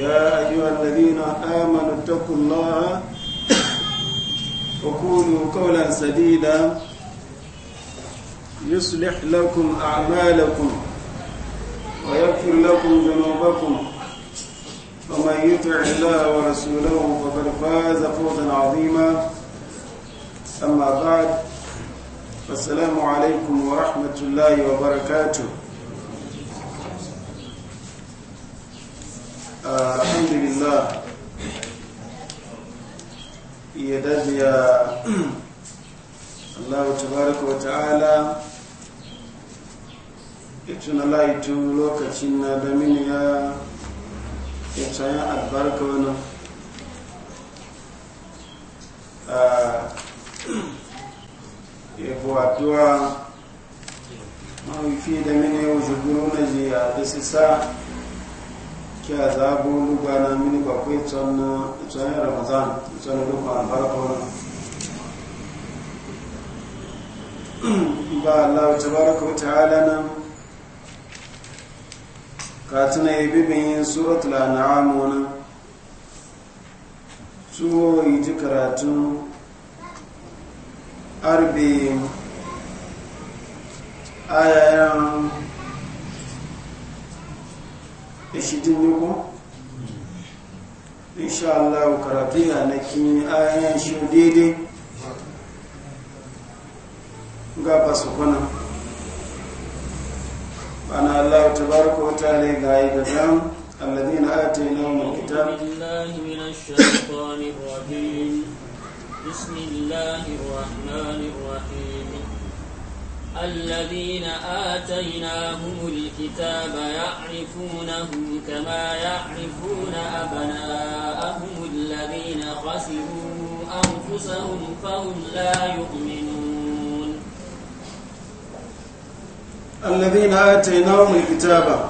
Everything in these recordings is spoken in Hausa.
يا أيها الذين آمنوا اتقوا الله وقولوا قولا سديدا يصلح لكم أعمالكم ويغفر لكم ذنوبكم ومن يطع الله ورسوله فقد فاز فوزا عظيما أما بعد فالسلام عليكم ورحمة الله وبركاته الحمد لله يدد يا الله تبارك وتعالى ituna laitu lokacin na da mini ya tsaye albarka wani ah, yabo addu'a ma wifi da mini ya wuce na jiya da sisa ke azabu lugana mini bakwai tsanna tsanin ramadan tsanin rufa albarka wani ba allah ta baraka wata hala nan ka tuna yi bibin yin suratul an'am wani tuwo yi ji karatu Arbe ayayen ishi jin ne ko insha Allah karatu ya na ayan shi daidai ga kwana Allah tabaraka wa ta'ala ga yi da zan alladina atainahum alkitab billahi minash الذين آتيناهم الكتاب يعرفونه كما يعرفون أبناءهم الذين خسروا أنفسهم فهم لا يؤمنون الذين آتيناهم الكتاب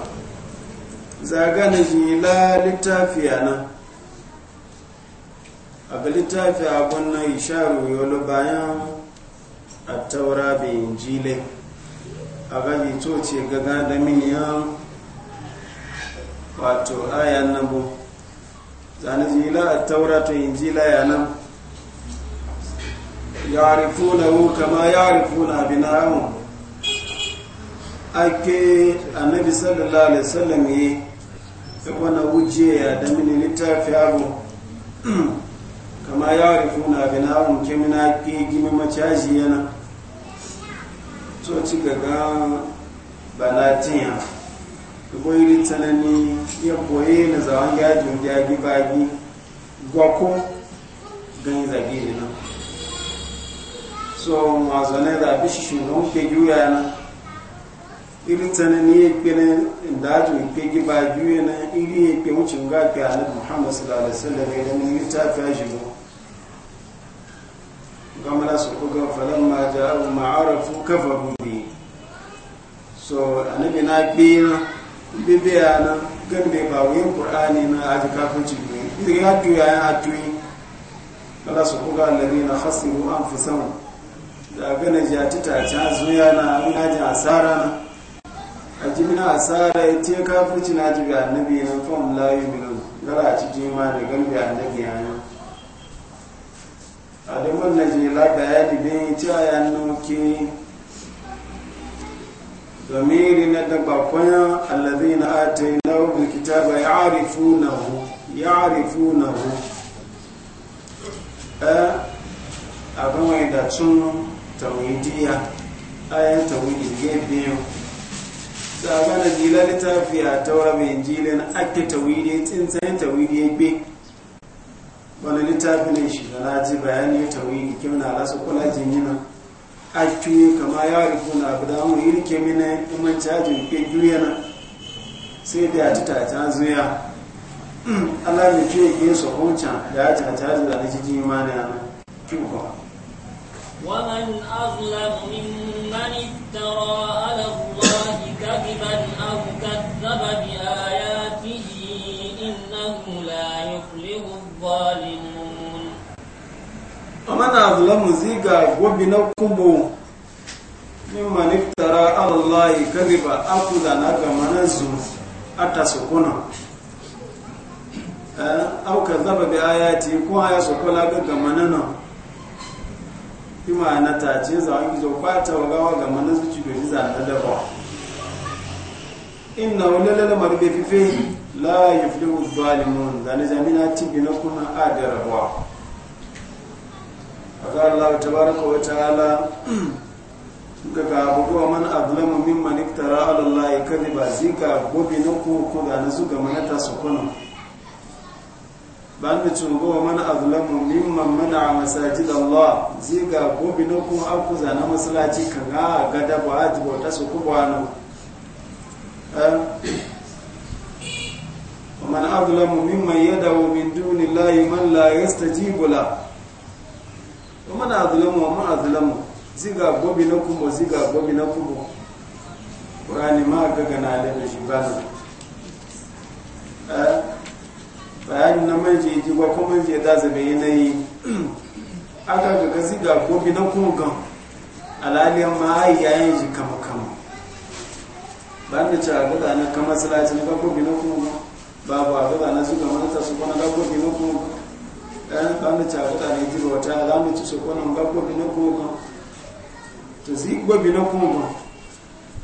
zagana jila littafiya a ga littafi abun nan isharu a taura da injile a gagi coci gaga da ya? wato ayan nan bu zane jila a taura ta injila ya nan na wu kama yarifuna binahum ake annabi sallallahu alaihi wasallam yi wani wuje ya da mini littafi abu kama yarifuna binahum kemina ke gimi macaji yana so ci gaga balatiya ko iri tsanani ya boye na zawon gajin gyagi bagi gwako gani zage ne nan so mazane da abishi na ke juya na iri tsanani ya kere da ajin ke giba juya na iri ya ke wucin gafi a nan muhammadu sallallahu alaihi wasallam ya gani littafi ya shigo gamara su kuga falamma ja'u ma'arafu kafa bi so a nabi na biya bibiya na gande ba wuyin qur'ani na aji ci bi idan ya tuya ya tuyi kada su ruwa an fi sama da gana jati ci a zuya na ina ji asara na ji mina asara ya ce ci na ji ga nabi na fam layu yu'minu gara a ci jima da gambe annabi ya yi aliman na je la bayani bin ci a yannu ki domiri na dagba kwaya allazi na ate na rubin kitaba ya arifu na hu ya arifu na hu a abin mai da cin tawidiya ayan tawidi gefe sabana jila littafi a taura mai jilin ake tawidi tsinsayin tawidi ya gbe wani littafi ne shi da laji bayani ya tawi da kyau na lasa kula jimina a kyuyi kama ya rufu na abu da mu yi kemi mina iman cajin ke juyana sai da ya ci ta ta zuya Allah mai ya ke so hunca da ya ci ta zuya da jijin imani a nan kyuyi ومن أظلم ممن افترى على الله كذبا أو كذب amana na zulamu ziga gobi na kubo mimman iftara allahi kariba akula na gama na zu a tasukuna eh, auka zaba bi ayati ko aya sukula ga gama na nan ima na ta ce za a yi gizo kwata wa gawa gamanan su cikin za na in na wani lalala lalamar bai fife la yi fi zalimun zane zamina cikin na kuna a adarwa Allah فقال الله تبارك وتعالى ga abubuwa man azlamu mimman iftara ala allahi kadhiba zika gobe na koko ga nasu ga manata su kuna ban da cewa man azlamu mimman mana masajid allah zika gobe na kuma aku zana masalaci kan ga gada ba a jibo ta su kuba na man azlamu mimman yadawo min duni layi man la yastajibu la wa mana azulamu wa ma azlamu ziga gobi na kuma ziga gobi na kuma ƙurani ma ga gana da da shi ba na eh, bayani na manje ji ba kuma manje da zabe yanayi aka ga ga ziga gobi na kuma gan alaliyar ma yayin shi kama kama ba da a gaza na kama silacin ga gobi na kuma ba a gaza na zuga mana ta su kuma na gobi na kuma ɗan kanu ta wata ne jiro wata za mu ci an gabo bi na kuma to zi bi na kuma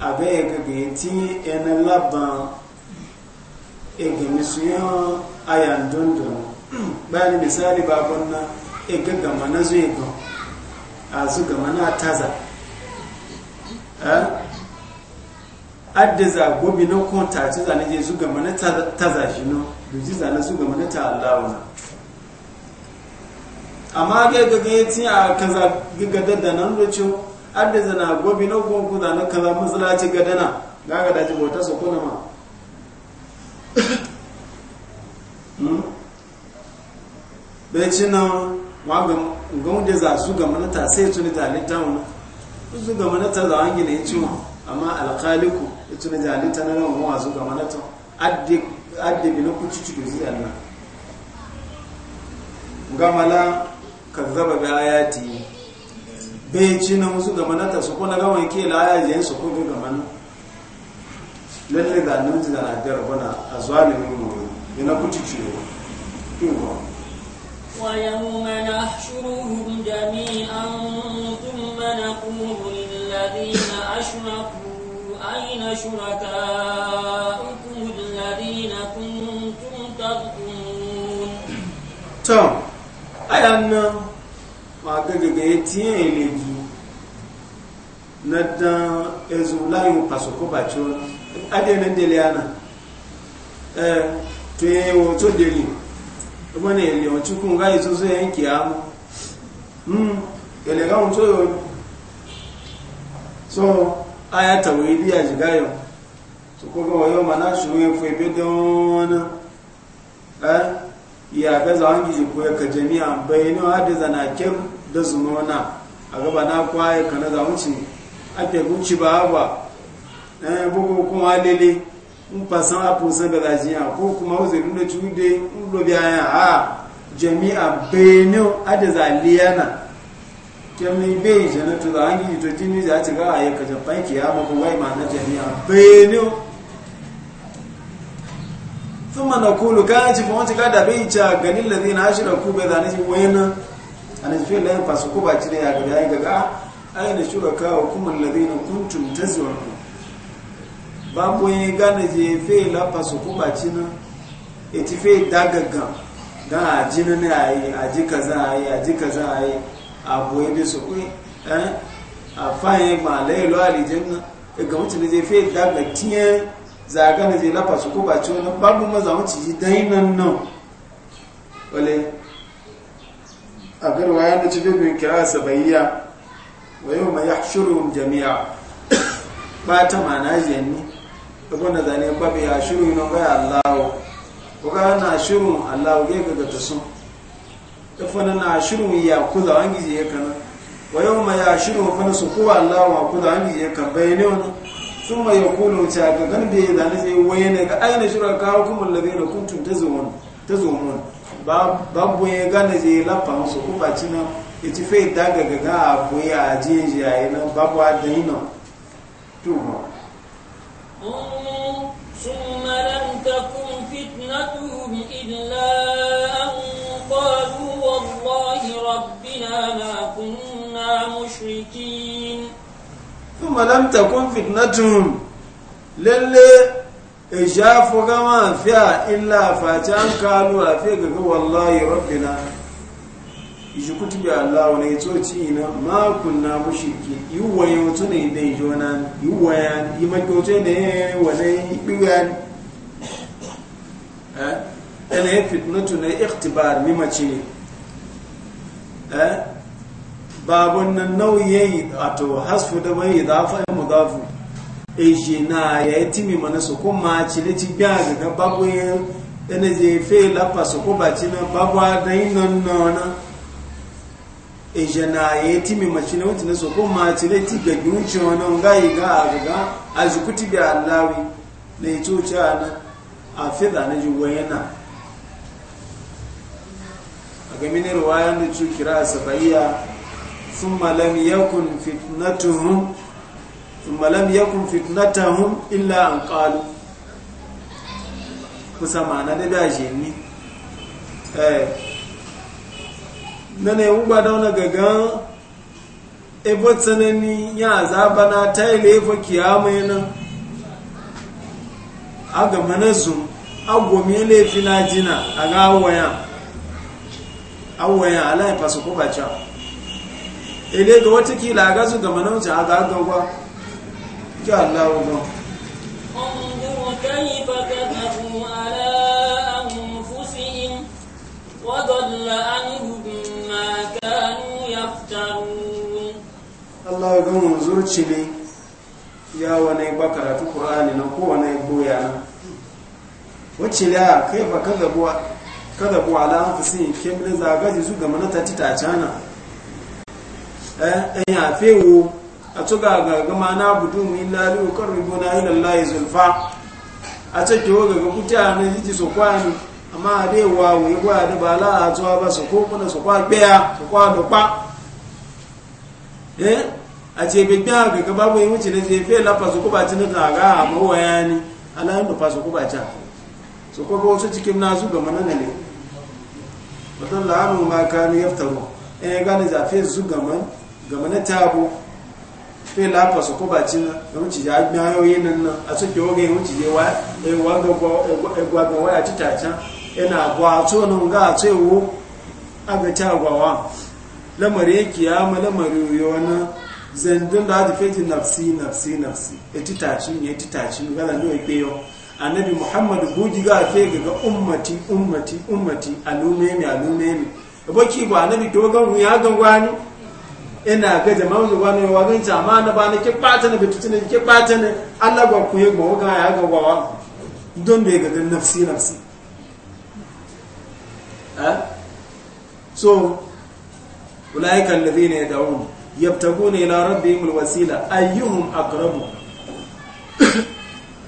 a ga ga yanti ena ti yana laban ya su yi ayan dundun bayani misali babon e ga gama mana zuwa ga a gama mana taza adda gobi na kuma ta ci zane je gama mana taza shi no duji zane zuga mana ta allawa amma ga gaga ya ci a kaza ga da nan rocho adda zana gobi na gonku da na kaza ga dana ga ga daji bauta su kuna ma hmm? bai ci nan wanda za su ga manata sai tuni jalita wani su ga manata za wani gina ya ci amma alkaliku ya tuni jalita na nan wa su ga manata bi na kuci cikin zuwa nan gamala kazzaba bi ayati be ci na musu ga na su ko na gama ke la ayajen su ko ga manu na lalle da nan ji da na garbana a zalimin mu yana kuci ciwo kiwa ويوم نحشرهم aya na ma gagaga ya tiye eleju na dan ezu layin pasoko bacho ade na dele ana eh to ye wo to dele kuma ne ele on chukun nga izo zo yan ki amu mm ele ga on to yo so aya tawili ya jigayo so ko ga yo mana shuwe fwe bedon eh ya ga zawon gizi ko ya ka jami'a bayanu hada kyan da zumona a gaba na kwaye ka na zawunci ake gunci ba ba ɗan eh, bugu kuma lele in fasan a san da zajiya ko kuma uzirin nuna cude in lobi haya a jami'a bayanu hada zaliyana kyanmi bai janatu da hangi to jini za ci ga a yi ka jafan kiyama ko wai ma na jami'a bayanu ثم نقول كان في وانت قاعد بيتا غن الذين اشركوا بذلك وين انا في لا ينفس كوبا تشي يا غدا يا غا اين شركاءكم الذين كنتم تزعمون babu yin gane je fe lafa su kuba cina eti fe dagaga don a jini ne a yi a ji kaza a yi kaza a yi a boye bi su kwe eh, a fayin ma layi lo na e ga mutum je daga tiyan zagana na je lafa su ko ba ci wani babu maza wacce yi dainan nan wale a garwa ya nace bibin kira sabayya wa yau mai yahshurum jami'a ba ta mana jenni abin da zane ba bai yahshuru na bai allahu ko ka na shurun allahu ga ga ta sun ta fana na shurun ya kuza wangi je kana wa yau mai yahshuru fana su kowa allahu ma kuza wangi je kan bayyane wani suma ya kulu ta ga gan da ya zane sai waye ne ga aina shura kawo kuma labe na kuntum ta ta zuwan babu ya gane je lafa su kuma ba ci ci fai daga ga ga abu ya aje je a yi nan babu a nan mushrikin thumma lam takun fitnatuhum lalle ijafu gama fiya illa fati an kanu a fiye gaga wallahi rabbina iji kutubi Allah wani itoci ina ma kunna mushriki yiwuwaye mutu ne da ijo na yiwuwaya yi makyoce da ya yi wane ne eh ana fitnatu na iktibar mimaci ne babun nan nauyi wato hasfu da bai idafa ya mudafu eji na ya timi mana su kuma cile ci biya ga babu ya ina je fe lafa su ko baci na babu da yin nan na eji na ya timi maci na wuce na su kuma cile ci ga gunci wani ga yi ga a ga a jikuti bi allawi na ya cuce na a fida na ji wayana a gami ne ruwayan da cukira a sabaiya ثم لم يكن فتنتهم ثم لم يكن فتنتهم الا ان قالوا فسمعنا da eh nane uba da wani gagan ebo tsanani ya zaba na ta ile kiyama yana a gama jina a ga ele ga wata kila ga su gama nan wuce a ga gagwa ki Allah wa Allah ya gama zurci ne ya wane bakara karatu Qur'ani na kowane goya na wacce da kai ba kada buwa kada buwa ala an fusi kemle zagaji su gama na tatita cana ẹ̀yìn eh, eh, a àtúgà àgàgà máa náà bùdú mú ilá ló kọ́rù ìbò náà ilẹ̀ láì zulfa àtẹ́kẹ̀ ó gàgà kúta àná jíjì sọ̀kọ́ àná àmá àdéwà àwò ìwọ àdébà aláàtọ́ abá sọ̀kọ́ mọ́nà sọ̀kọ́ àgbẹ́yà sọ̀kọ́ àdọ́pá àti ẹgbẹ̀gbẹ́ àgàgà bá wọ́n ìwúntì ní ti fẹ́ lápá sọ̀kọ́ bá ti ní tààrà àmọ́wọ̀ ya ni aláìnàpá sọ̀kọ́ bá ta sọ̀kọ́ bá wọ́n tó ti kí náà zú gàmọ́ náà nílẹ̀ ọ̀tọ́ làánù máa ká ní yẹ́fẹ̀tọ̀ wọ̀ ẹ̀yẹ gánizà fẹ́ zú gàmọ́ gama na tabo fi lafa su kuba ci na wuce ya gbi hanyoyi nan nan a suke oge ya wuce ya gwaga waya ci tacan yana gwato nan ga a tsewo a ga ta gwawa lamari ya ma lamari na zandun da hadi fetin nafsi nafsi nafsi ya ci tacin ya ci tacin gala ne ya yau annabi muhammadu buji ga fe ga ummati ummati ummati alume ne alume ne aboki ba annabi dogon ya gangwani ina ga jama'a ne wani wagan jama'a na bana ke bata ne bitu ne ke bata ne Allah ba ku yi ga ya ga wa don da ga ga nafsi nafsi ha eh? so ulaika alladhina yad'un yabtaguna ila rabbihim alwasila ayyuhum aqrabu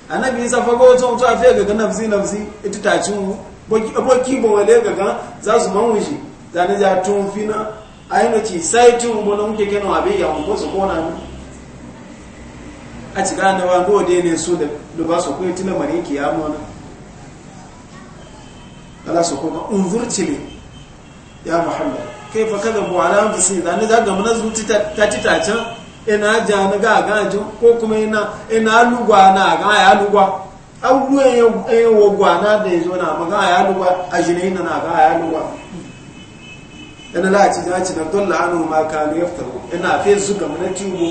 annabi isa fa go to to afi ga nafsi nafsi ita ta cin boki boki bo wale ga za su manwuji zane ja tun fina aino ci saiti umbo na muke kenan ya umbo su kona mu a ci gane wa go de ne su da ba su ko tuna mari ki ya mu ala su ko ga unzur ya muhammad kai fa kada bu ala mu sai da ne da ga mun zuci ta ci ta can ina ja na ga ga ju ko kuma ina ina lugwa na ga ya lugwa awu en wo gwa na de zo na ma ga ya lugwa a jine na na ga ya lugwa yana lati ja ci na dolla anu ma kanu yaftaru ina fe zuga mana tubo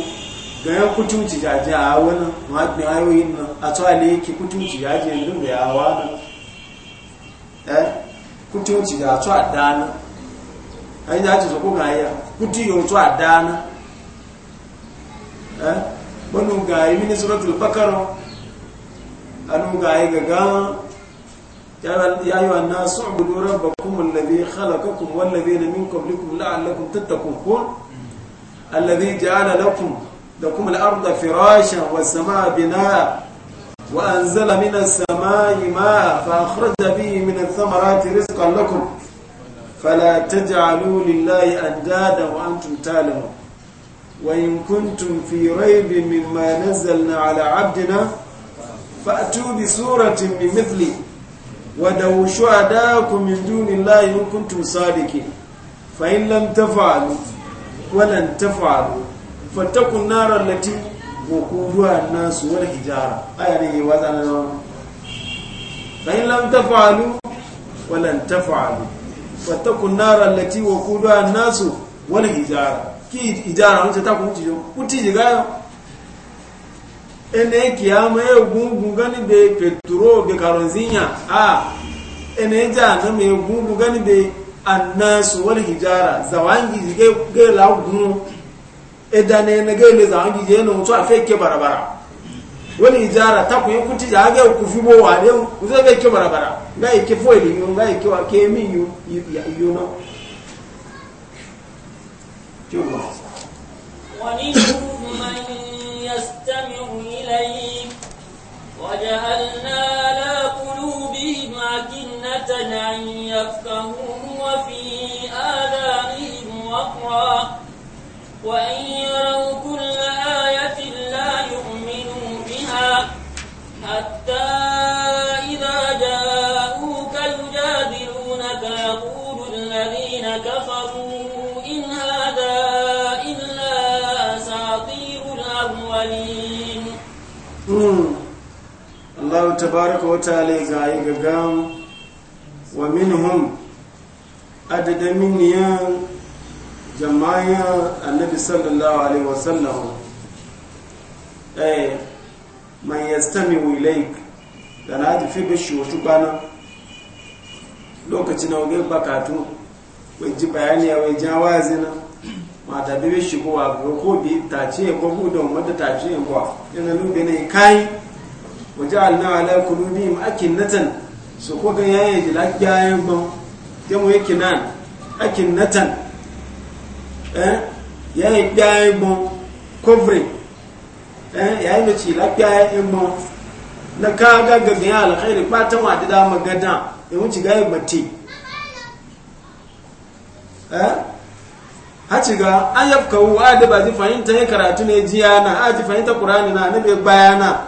ga yan kutunci jaje a wani ma'adin ayoyin nan a tsawale yake kutunci jaje yanzu mai awa nan eh kutunci ga tsawa dana ai ya ci zoko ga ya kuti yo tsawa dana eh banu ga yi min suratul bakara anu ga yi ga يا أيها الناس اعبدوا ربكم الذي خلقكم والذين من قبلكم لعلكم تتقون الذي جعل لكم لكم الأرض فراشا والسماء بناء وأنزل من السماء ماء فأخرج به من الثمرات رزقا لكم فلا تجعلوا لله أندادا وأنتم تعلمون وإن كنتم في ريب مما نزلنا على عبدنا فأتوا بسورة من مثله ودعوا شهداءكم من دون الله إن كنتم صادقين فإن لم تفعلوا ولن تفعلوا فاتقوا النار التي وقودها الناس والحجارة أي وزن فإن لم تفعلوا ولن تفعلوا فاتقوا النار التي وقودها الناس والحجارة كي إجارة أنت تقول أنت جو أنت ene kiyama egungun gani be petro be karonzinya a ene jahannama egungun gani be annasu wal hijara zawangi ge ge la gunu edane ne ge le zawangi je no to afeke barabara wal hijara ta ku yukuti ja ge ku fi bo wa de uze be ke barabara na ike fo ile yo ga ike wa ke mi yo yo no Wa minhum man yastami'u إليك وجعلنا على قلوبهم أكنة أن يفقهوه وفي آذانهم وقرا وإن يروا كل آية لا يؤمنوا بها حتى إذا جاءوك يجادلونك يقول الذين كفروا Allah tabaraka wa ta'ala ga yi gagam wa minhum adada miniyan jama'a annabi sallallahu alaihi wa sallam eh man yastami ilayk dana ji fi bishi wato bana lokacin da bakatu wai ji bayani ya wai jawazi na mata bibi shi ko wa ko bi ta ce ko da mata ta ce ko waje'alna ala qulubihim akinnatan su ko ga yayin ji lafiyayen ba te mu yake nan Natan, eh yayin yayin ba kofre eh yayin da ci lafiyayen ba na ka ga ga ga alkhairi fatan wa da magada ya wuce ga yayin bate eh haci ga an yafka wa da ba ji fahimta ya karatu ne jiya na a ji fahimta qur'ani na ne bayana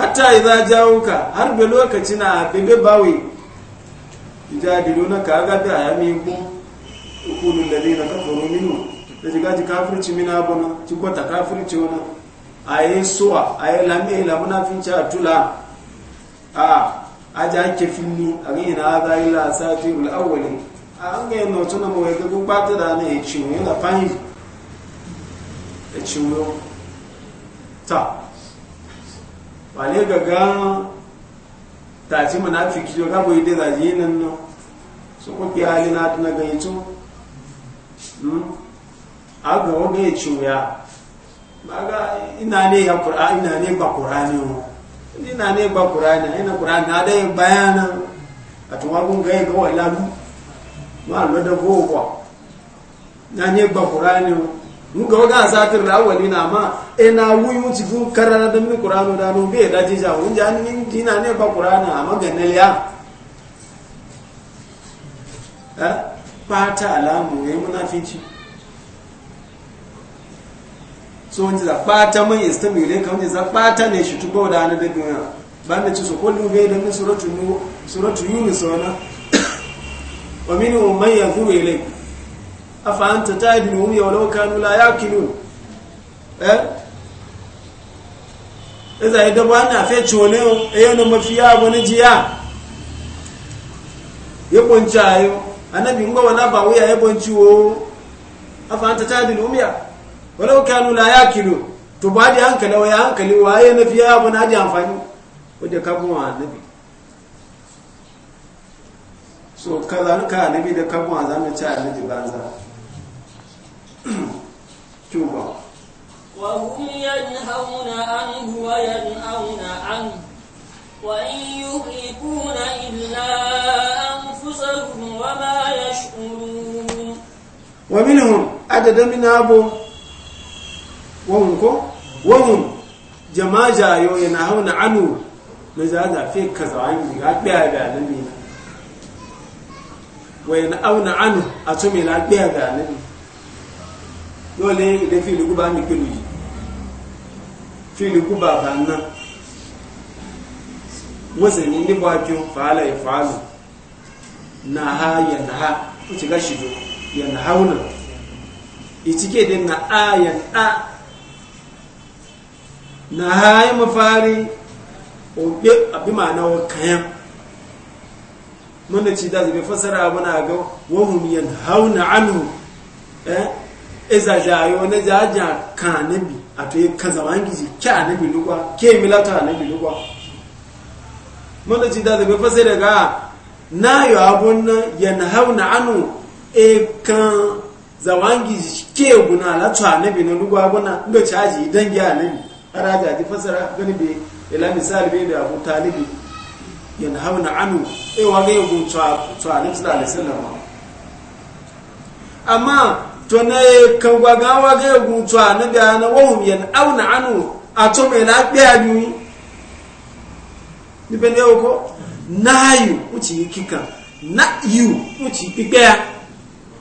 hatta idza jawuka har be lokaci na bebe bawe na ka ga da ayami ku ne na kafaru minu da jiga ji kafirci mina bona ci kota kafirci a yi suwa ayi lamme la fi atula a aja ake fini a na aza yi la, satirul awwalin a an ga yana na mu ga ku pata da ne ci mu yana fani e ci ta ga ga ta ci munafiki ga boye da yi nan no so ko ki hali na tuna ga yito hmm aga o ga yicho ya ga ina ne ya qur'ani ina ne ba qur'ani ina ne ba qur'ani ina qur'ani na da bayana a tuwa gun ga ga wala ma lo da go ko na ne ba qur'ani nga waga asatir da awali na ma e na wuyu mutu fu karana da mini kurano da no be da jija un ja ni dina ne ba kurana amma ganel ya eh ta alamu yayi munafici so wani za ta mai istami ne kamar za ta ne shi tubo da na da duniya. ban da ci so kullu be da min suratu nu suratu yunus wana wa minhum man yadhuru ilayka afanta ta'iduhum yawlaw kanu la yaqilun eh idan idan ba na fe chole eyo no mafiya bone jiya ye bonchayo anabi ngo wana ba wuya ye bonchiwo afanta ta'iduhum ya walau kanu la yaqilun to ba da hankali wa hankali wa ya nafiya abu na amfani so kaza annabi da ka kuma zamu ci annabi banza chungwa wa hum yanhauna anhu wa yanauna an wa in yuhikuna illa anfusahum wa ma yashurun wa minhum adadun min abu wa unko wa hum jama'a yo yanhauna anhu mazaza fi kaza an ga daya da nabi wa yanauna anhu atumi la lóòlé ìdè ìlú kúbà ní pẹ̀lú yìí fi ìlú kúbà bá náà wọ́n sì ní níbo ajo fàálà ìfàálù náà ha yẹ̀ náà ha ó ti gáṣì jù yẹ̀ náà ha wúnà ìtìkéde náà a yẹ̀ a náà ha yẹ́ mọ́ fàárí yẹn mafari obe abin ma'ana wa kayan mana ci da zabe fasara muna ga wahum yan hauna anhu eh eza jayo na jaja kan anabi ato ye kazawangiji ke anabi lugwa ke milata anabi lugwa mana ci da zabe fasa daga na yo abun nan yanhauna anu e kan zawangiji ke guna latu anabi na lugwa guna ndo caji idan ya anabi araja ji fasara gani be ila misali be da abu talibi yanhauna anu e wa ga yugo tsa tsa anabi sallallahu alaihi wasallam amma to ne kan gwagawa ga yagun to anabi ana wahum yan auna anu a to mai lafiya biyu níbẹ̀ ní ọkọ́ náàyù ó ti yí kíkà náàyù ó ti pípẹ́ ya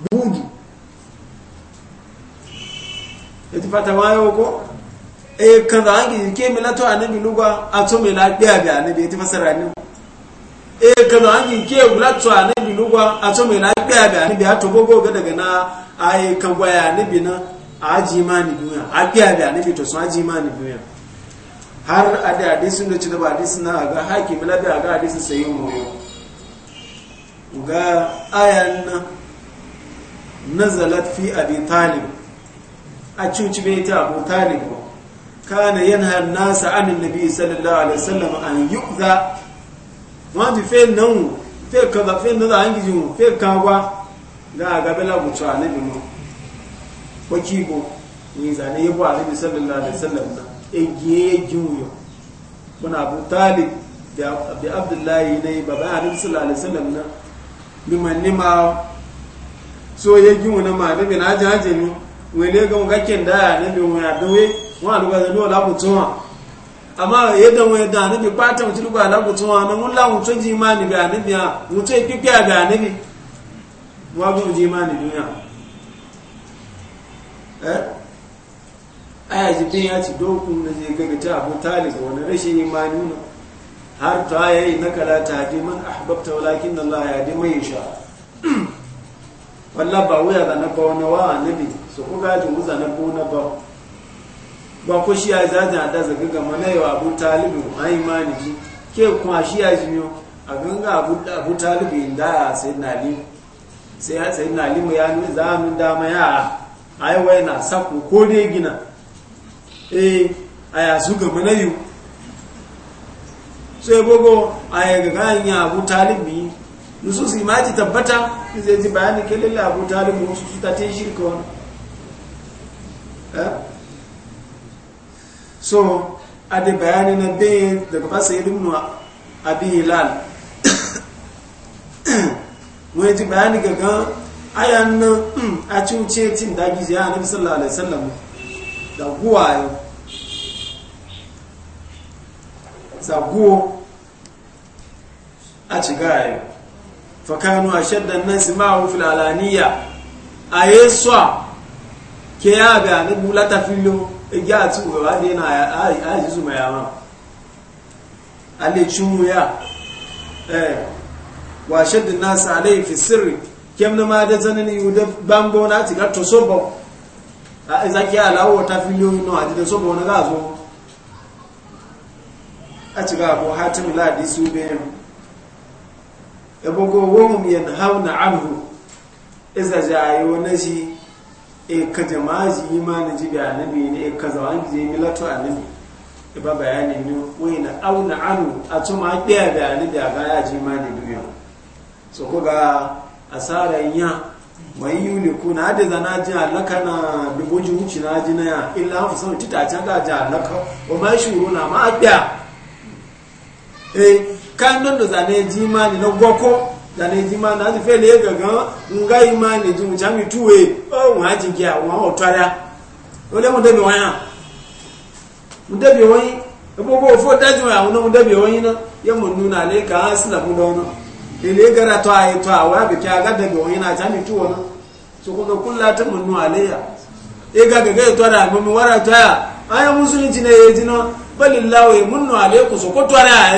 búùdù ètò pàtàkì wáyé ọkọ́ èèkàn bi kí a látọ́ àníbi lúgbà biya gbé àbẹ̀ àníbi ètò fásẹ̀rẹ̀ ni. e kano an ke wulatsu a binugwa lugwa a to mai na gbaya ga ni a to gogo ga daga na ai kan gwaya nabi na aji ma ni duniya a gbaya ga nabi to sun aji ma ni duniya har a da hadisin da ci da ba hadisin na ga haki mila da ga hadisin sai yin moyo ga ayan na nazalat fi abi talib a cuci bai ta abu talib kana yanha nasa anin nabi sallallahu alaihi wasallam an yuqza wọ́n ti fẹ́ náwó fẹ́ kọ́dà fẹ́ náwó àyíkìjì wọn fẹ́ kan wá dáadáa bẹ́lá bùtọ́ àníbi mọ́ kwaki bo ni zane yabo àníbi sallallahu alaihi wasallam na egiye jiwuyo muna abu talib bi abdullahi na yi baba àníbi sallallahu alaihi wasallam na limanni ma so ya jiwu na ma àníbi na ajajen ni wele ga ngakken da àníbi wọn àdánwé wọn àdúgbò amma yadda wani da anabi kwata mutu lugba alakutu wa na mula mutu ji imani bi anabi ya mutu ya pipi a bi anabi wa bi ji imani duniya eh aya jikin ya ci dokun da zai gaga ta abu talib wani rashin imani nuna har ta yayi na kala ta ji man ahbabta walakin Allah ya di mai sha wallah ba wuya da na ba wani wa anabi su kuka ji wuza na ba ba ko shi ya zaji a da zaga ga na yau abu talibu a imani ji ke kuma shi ya ji yau a ganga abu talibu inda a sai nali sai sai na mu ya za a nun dama ya a wai na saku ko dai gina eh a ya su gama na yau sai gogo a ya ga ya abu talibu su imaji tabbata zai ji bayani ke lalle abu talibu su ta te shirka wani eh? so a da bayani na bayan daga fasa yi dumna abin hilal wani ji bayani gaga ayan nan hmm, a cuce cin dagi ji ya nabi sallallahu alaihi wasallam da guwayo zaguwo a cigayo fakanu a shaddan nan su ma'a wufil alaniya a yesuwa ke ya ga na bulata filo igi a ti na da yana aji zuma yawa 'ya' wuya e, washe da nasa alai fi sirri kem na ma da zanen yiwu da bango na ti gato sobo a e zaki alawo ta filiyoyi na wajen sobo na gazo a ci gabo hatim ladi su bayan ebogo mu yan hauna anhu e a yi wani shi e ka jama'a ji imanin ji da annabi ne e ka zawan ji milatu annabi e ba bayani ne wai na na anu a tuma ɗaya da annabi a baya ji ne duniya so ko ga yi ya mai yuli kuna da zana ji alaka na ji wuce na ji na ya illa hafi sama tita can ga ji alaka o ma shuru na ma ɗaya e kan don da zane ji ne na gwakon dane ti ma na ti fe le gangan nga imani ju cha mi tuwe o won a jigi àwọn o tara o le mo debi ya mo debi won yin e bo bo fo daju won mo debi won na ye mo nu na le ka ha mo don gara to awa e bi ka ga won na cha mi tuwo na so ko kullu ta mo nu alayya e ga ga ga to ra mo mi wara to ya ayo musulmi na alaykum so ko to ra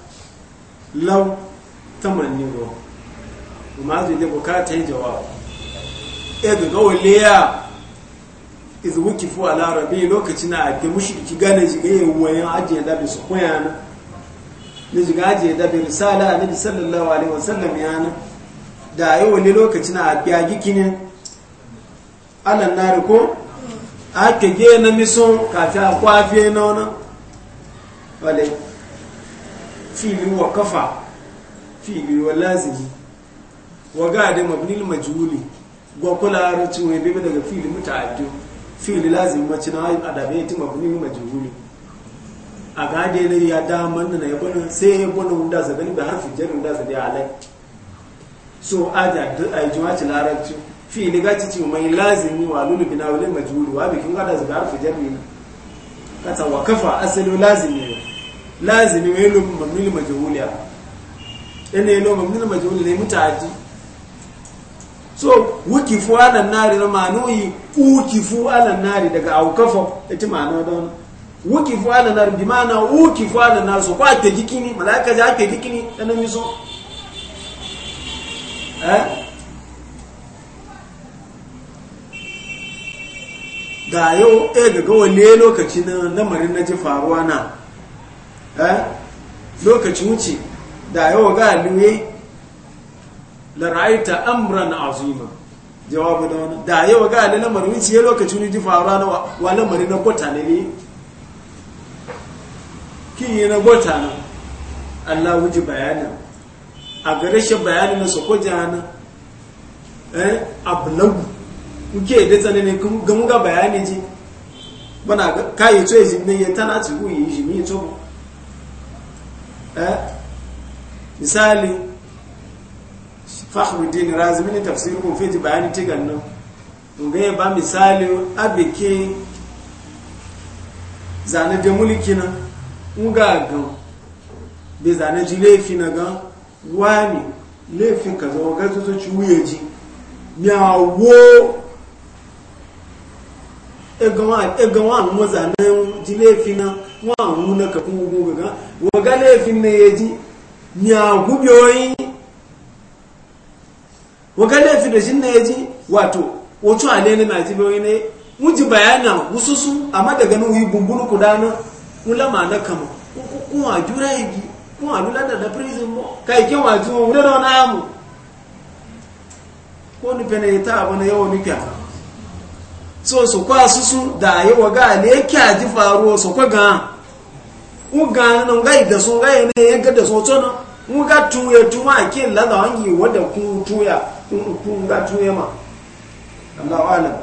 lau tamanni ro ma zai dai bukata yi jawabu ya ga izu wuki fi wa rabi lokaci na mushi mushriki gane jiga yin wayan ajiye da bi su na ne jiga ajiye da bi risala annabi sallallahu alaihi wasallam na da yi wani lokaci na biya ne anan na ko ake gina na miso kafin a kwafiye na wani wale fi'li wa kafa fi'li wa lazimi wa gada mabnil majhuli wa kula rutu ne bebe daga fi'li muta'addi fi'li lazimi ma mace na adabe ti mabnil majhuli a gade ne ya da man na ya bano sai ya bano wanda zaga ni da harfi jarin da zaga alai so aja da ai jumaci larabci ni gaci ci mai lazimi wa lulu bina wal majhuli wa bikin gada zaga harfi jarin kata wa kafa asalu lazimi lazimi mai lo mamnul majhuliya ene lo mamnul majhul ne mutaji so wukifu ala nari na manoyi wukifu ala nari daga aukafa ita ma'ana don wukifu ala nari bi ma'ana ukifu ala nari so kwa tejikini malaka za ja te jikini ana so eh ga yau eh daga wani lokaci na namarin na ji faruwa na lokacin wuce da yawa ga luye la ra'aita amran azima jawabu da wani da yawa ga da lamarin wuce ya lokacin wuce faruwa na wa lamarin na gota ne ne kin yi na gota na Allah wuji bayani a gare shi bayanin na sako jihana eh ablagu muke da tsananin gamu ga bayani ji bana kayi tso ya jimne ya tana yi huyi ya to Eh? misali fahmuddin razi mini tafsirin kun fiti bayani tigan nan ngaye ba misali abike zane da mulki na nga gan bai zane ji laifi na gan wani laifin ka zo ga tuzo ci wuye ji miawo egawa egawa mo zane ji laifi na wọn àwọn náà kàkún gbogbo na da na yẹjí wato wato alẹ́ ne mun ji bayana wususu amma da yi bumbunu ku dana na kama kun a jura yagi kun a lula da prison mo kai kin wuri da wani amu ko ni fene ta abu na yawa nufiya so su kwa susu da yi wa ga ne kya ji faruwa su kwa ga uga na ga ga so ga ne ya ga da so tsona mu ga tuye tuma ke la da wangi wanda ku tuya ku ga tuya ma Allahu alam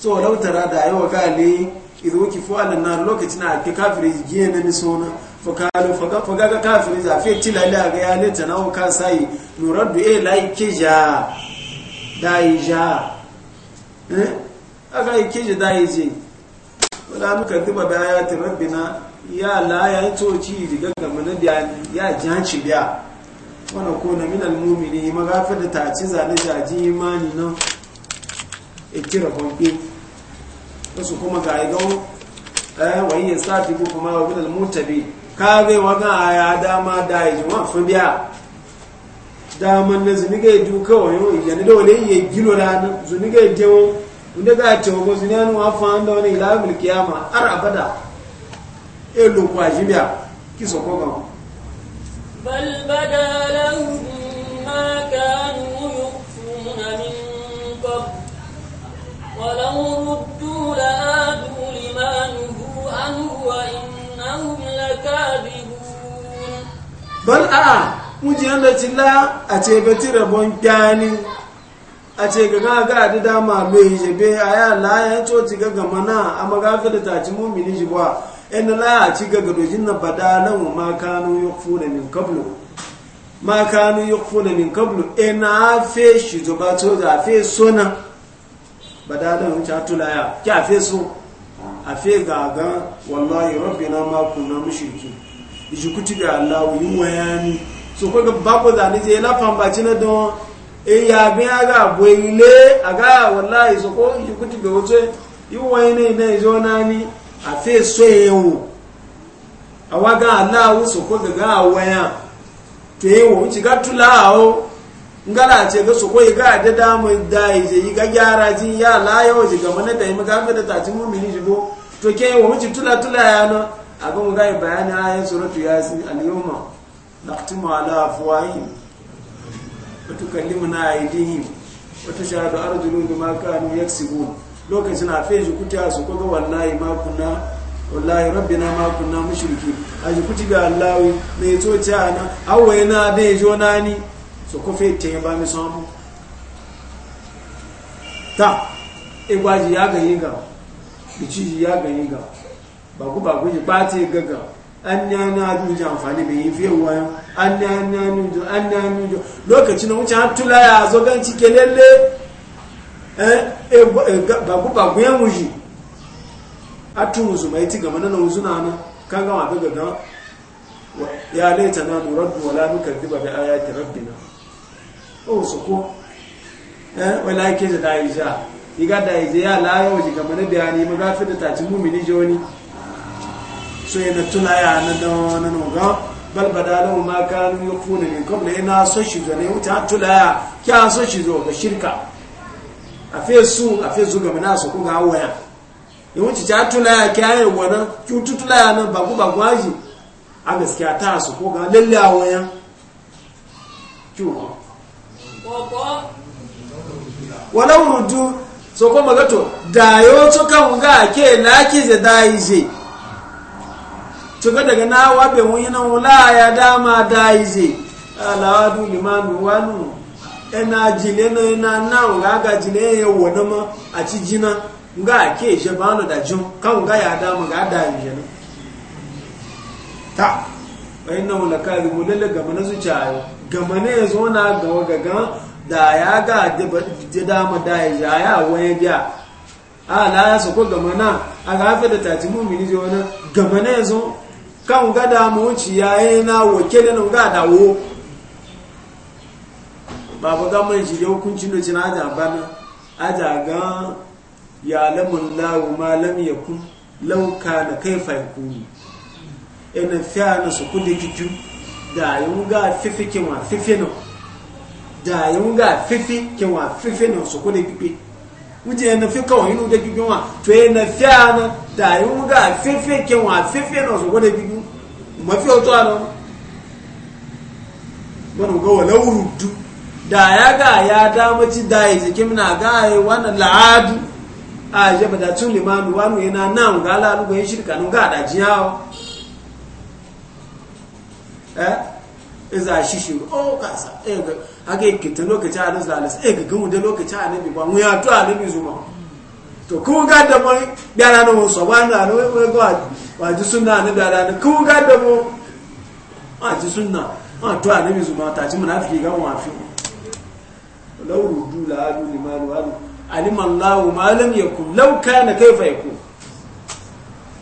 so lautara da yi wa ga ne idan ki fu alan na lokacin a ke kafiri giye na ni sona fa kalu fa ga fa a fiye za fi tilala ga ya ne tanawo ka sai nuraddu e lai da yi ja Eh? aka yi kiji da yi je wadda muka duba rabbi na ya laya ya yi toci daga gamana da ya hanci biya wadda ko na minal mumini magafi da taci zane jaji imani nan ikira e kwanke wasu kuma ga yi don ɗaya eh, wani ya sa fi kuma wa minal mutabi ka gai wani a ya dama da yi jima fi biya daman na zuniga ya duka kawai yau igani da wani iya gilo rana zuniga ya tewo inda ga tewo ko zuni anu wa fa da wani ila mil kiyama ar abada e lo kwa jibia kiso ko ga bal bada lahum ma kanu yukhfuna min qabl walau ruddu la'adu lima nuhu anhu wa innahum lakadibun bal a'a mujiyar da cila a ce beti rabon gani a ce ga gaga da dama mai jebe a ya layan coci gaga mana a magafi da taci mummini shi ba yan la a ci gaga dojin na badalan ma kanu yukfu na min kablu ma kanu yukfu na min kablu ina e fe shi zuba to da fe sona badalan ta tulaya ki a fe so a fe gaga wallahi rabbina ma kunna mushriki ijikuti ga Allah yi wayani so ko bako da ni je na famba ci na don e ya bi aga bo ile aga wallahi so ko ju kuti be wote iwo ene ene jo nani a fe so ewu awaga Allah so ko ga awaya to ewo ci ga tula o ngala ce ga so ko ga da da mu da je ga gyara ji ya la yo ji ga mana da mu ga da ta ji mu mini jibo to ke ewo ci tula tula ya no aga mu ga bayani ayan suratu yasin al-yawma نختم على أفواههم وتكلمنا أيديهم وتشهد أرجلهم بما كانوا يكسبون لو كان سنا فيجو كتيا سكوكا والله ما كنا wallahi rabbina ma kunna mushriki aji kuti ga allawi ne to ci ana awaye na da jo nani so ko fe te ba mi so mu ta e gwaji ya ga yiga bici ya ga ba ku ba ku ji ba te gaga annanaju ji amfani bai yi fiye wa wayan annanaju annanaju lokacin da wuce hatula ya zo gan cike lalle eh, eh, eh, bagu bagu ya muji a tun musu mai ti gama nan wuzu na nan kan gama daga gan ya laita na nuraddu wala nukaddiba bi ayati rabbina o su ko eh wala ke da Aisha iga da Aisha ya lawo ji gama na bayani magafi da taci mumini joni so na tuna ya na don na noga bal badalan ma kanu ne min qabla ina so shi zo ne wuta tula ya kya so shi zo ga shirka afe su a zu ga mana so ku ga waya yawanci ta tula ya kya ya wana ki tutula ya nan ba ku ba gwaji a gaskiya ta su ko ga lalle a waya ki wala wurudu so ko magato da yo to kan ga ke laki ze dai ze cika daga na wabe wani wula ya dama da ize alawadu limanu wani ena jile na ena na nga ga jile ya wona ma a ci jina nga ke ba wani da jun kan ga ya dama ga da ize na ta bayan na wula ka zubu lalle gama na zuciya gama ne ya zo na ga gaga da ya ga da dama da ize ya wani biya a la ya sako gama na a ga hafi da tatimu mini je wani gama ne ya zo kan ga damu wuce yayi na wake da nan ga dawo baba ga mai ji hukuncin da cin aja bana aja ga ya lamun lawu ma lam yakun law kana kaifa yakun ina fiya na su kudi kitu da yun ga fifi kin wa fifi no da yun ga fifi kin wa fifi no su kudi kitu wuje na fi kawai inu da gigin wa to yi na fi ana da yi mu ga fefe ke wa fefe na su gwada gigin mafi otu ana wani ga wala wurudu da ya ga ya damaci da ya jikin na ga ya wani la'adu a jaba da tun limanu wani yana nan ga lalugun yin shirka nun ga da jiyawa eh iza shi shi o oh, kasa eh aka yi kitan lokaci a nasu lalas eh ga gamu da lokacin a nabi ba mu ya to a nabi zuma to kuma gada da mu yara na wasu ba na na wai ga wa suna na da na kuma gada mu a ji sunna a to a nabi zuma ta ci muna fi gama afi lauru dula adu limanu adu aliman lawu malam yakun law kana kaifa yakun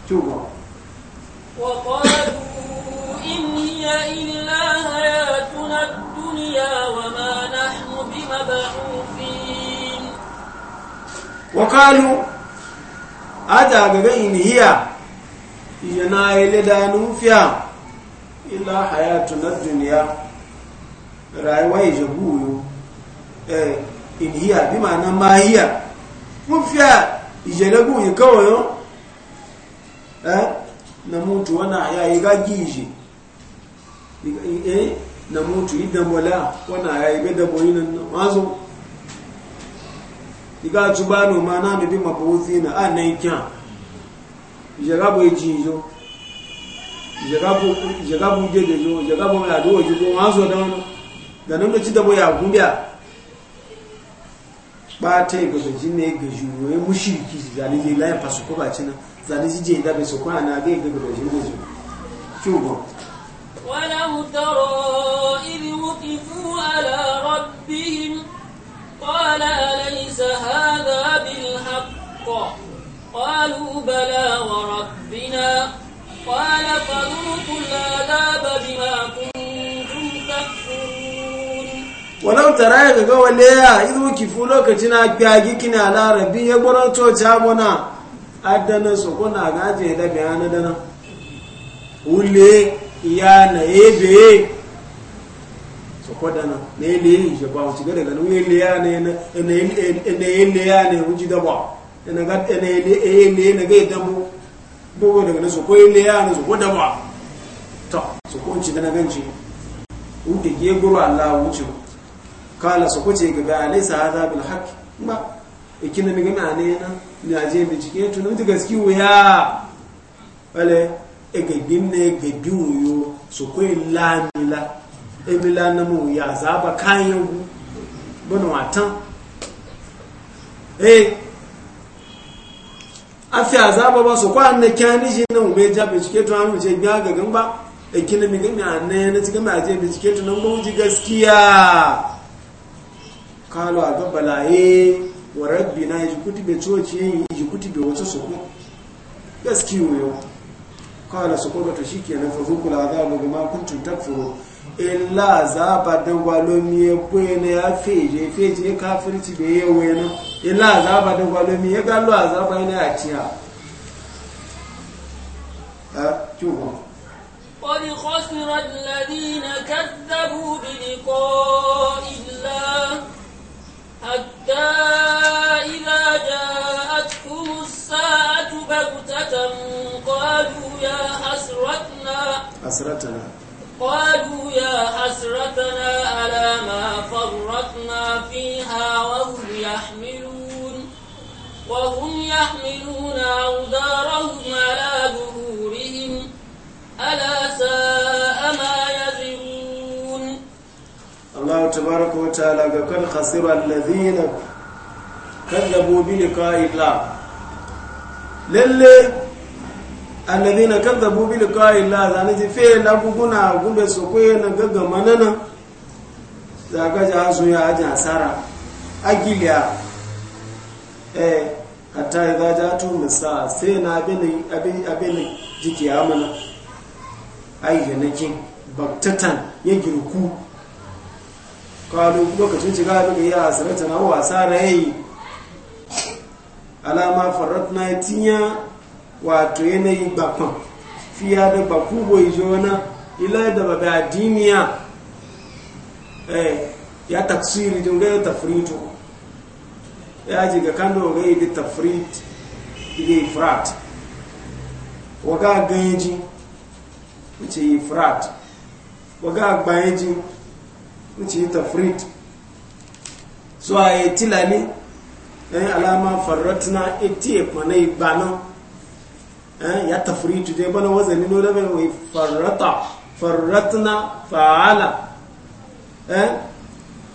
tuba وقالوا إن هي إلا حياتنا الدنيا وما نحن بمبعوثين وقالوا أدى بغين هي ينايل دانوفيا إلا حياتنا الدنيا rayuwa ya jabu eh in hiya bi ma'ana ma hiya mun yo eh na mutu wana ya eh na mutu idan wala wana ya ibe da boyi nan mazo diga tubano ma na bi mabuzi na anan kya jagabo ijinjo jagabo jagabo gede jo jagabo la do ju ko mazo da wono da nan ci da boya gumbiya ba ta yi gaba jinne ga juwe mushiriki zalije layan fasu ko ba cina zalije je da bai su kwana ga gaba da jinne ولو ترى إذ وقفوا على ربهم قال أليس هذا بالحق قالوا بلى وربنا قال فذوقوا العذاب بما كنتم تكفرون ولو ترى ga wale ya idu kifu lokacin agbagi kina ala ya gboron coci abona adana su kuna gaje da wule iya na ebe so kodana na ele yi je ba o wuce daga nan ele ya na na ele ya na wuji da ba na ga na ele ele na ga da mu bugo daga nan so ko ele ya ne so ko da ba to so ko ci na ganci wuce ge guru Allah wuce kala so ko ce ga ga ne sa hadha bil haqq ba ikina mi ga na ne na ni aje cike to ti gaskiya wale egagin na egagin wuyo su kwai lamila emila na mu ya zaba kayan gu bana watan eh afi azaba ba su kwa na kyani shi na ube ja bincike to an wuce gya gagan ba a kina mi gami a na ci gami a je bincike to nan gwamnati gaskiya kalo a gabbala eh wa rabbi na yi kuti be coci yi kuti be wata su ku gaskiyo yau kawai su kuma to shike na fazuku a azabu bima kuntum takfuru illa a badan gwalomi ya na ya feje feje ya kafirci da ya wena illa a badan walomi ya gallo azaba yana ya ciya a kyuwa قد خسر الذين كذبوا بلقاء الله حتى ila جاء الساعة بغتة قالوا يا حسرتنا حسرتنا قالوا يا حسرتنا على ما فرطنا فيها وهم يحملون وهم يحملون أوزارهم على ظهورهم ألا ساء ما يزرون الله تبارك وتعالى قد خسر الذين كذبوا بلقاء الله lalle kan zabu bi liqa'i Allah zane ji fe na guguna gube su ko na gaggama za ka ji hasu ya aja asara agiliya eh hatta idza jatu misa sai na abin jiki ya mana amana na kin baktatan ya girku kalu lokacin shiga ga ya asara tana wasa na yayi alama faratna ya tinya wato yanayi bakon fiya da baku bai jona ila da ba da diniya eh, ya taksiri don gaya tafrito ya ji ga kando gaya da tafrit ile ifrat waga ganyaji wuce yi ifrat waga gbayaji wuce yi tafrit so a yi tilani eh alama farratna iti mana ibana ya eh, ya tafritu dai bana wazani no da wai farrata farratna fa'ala eh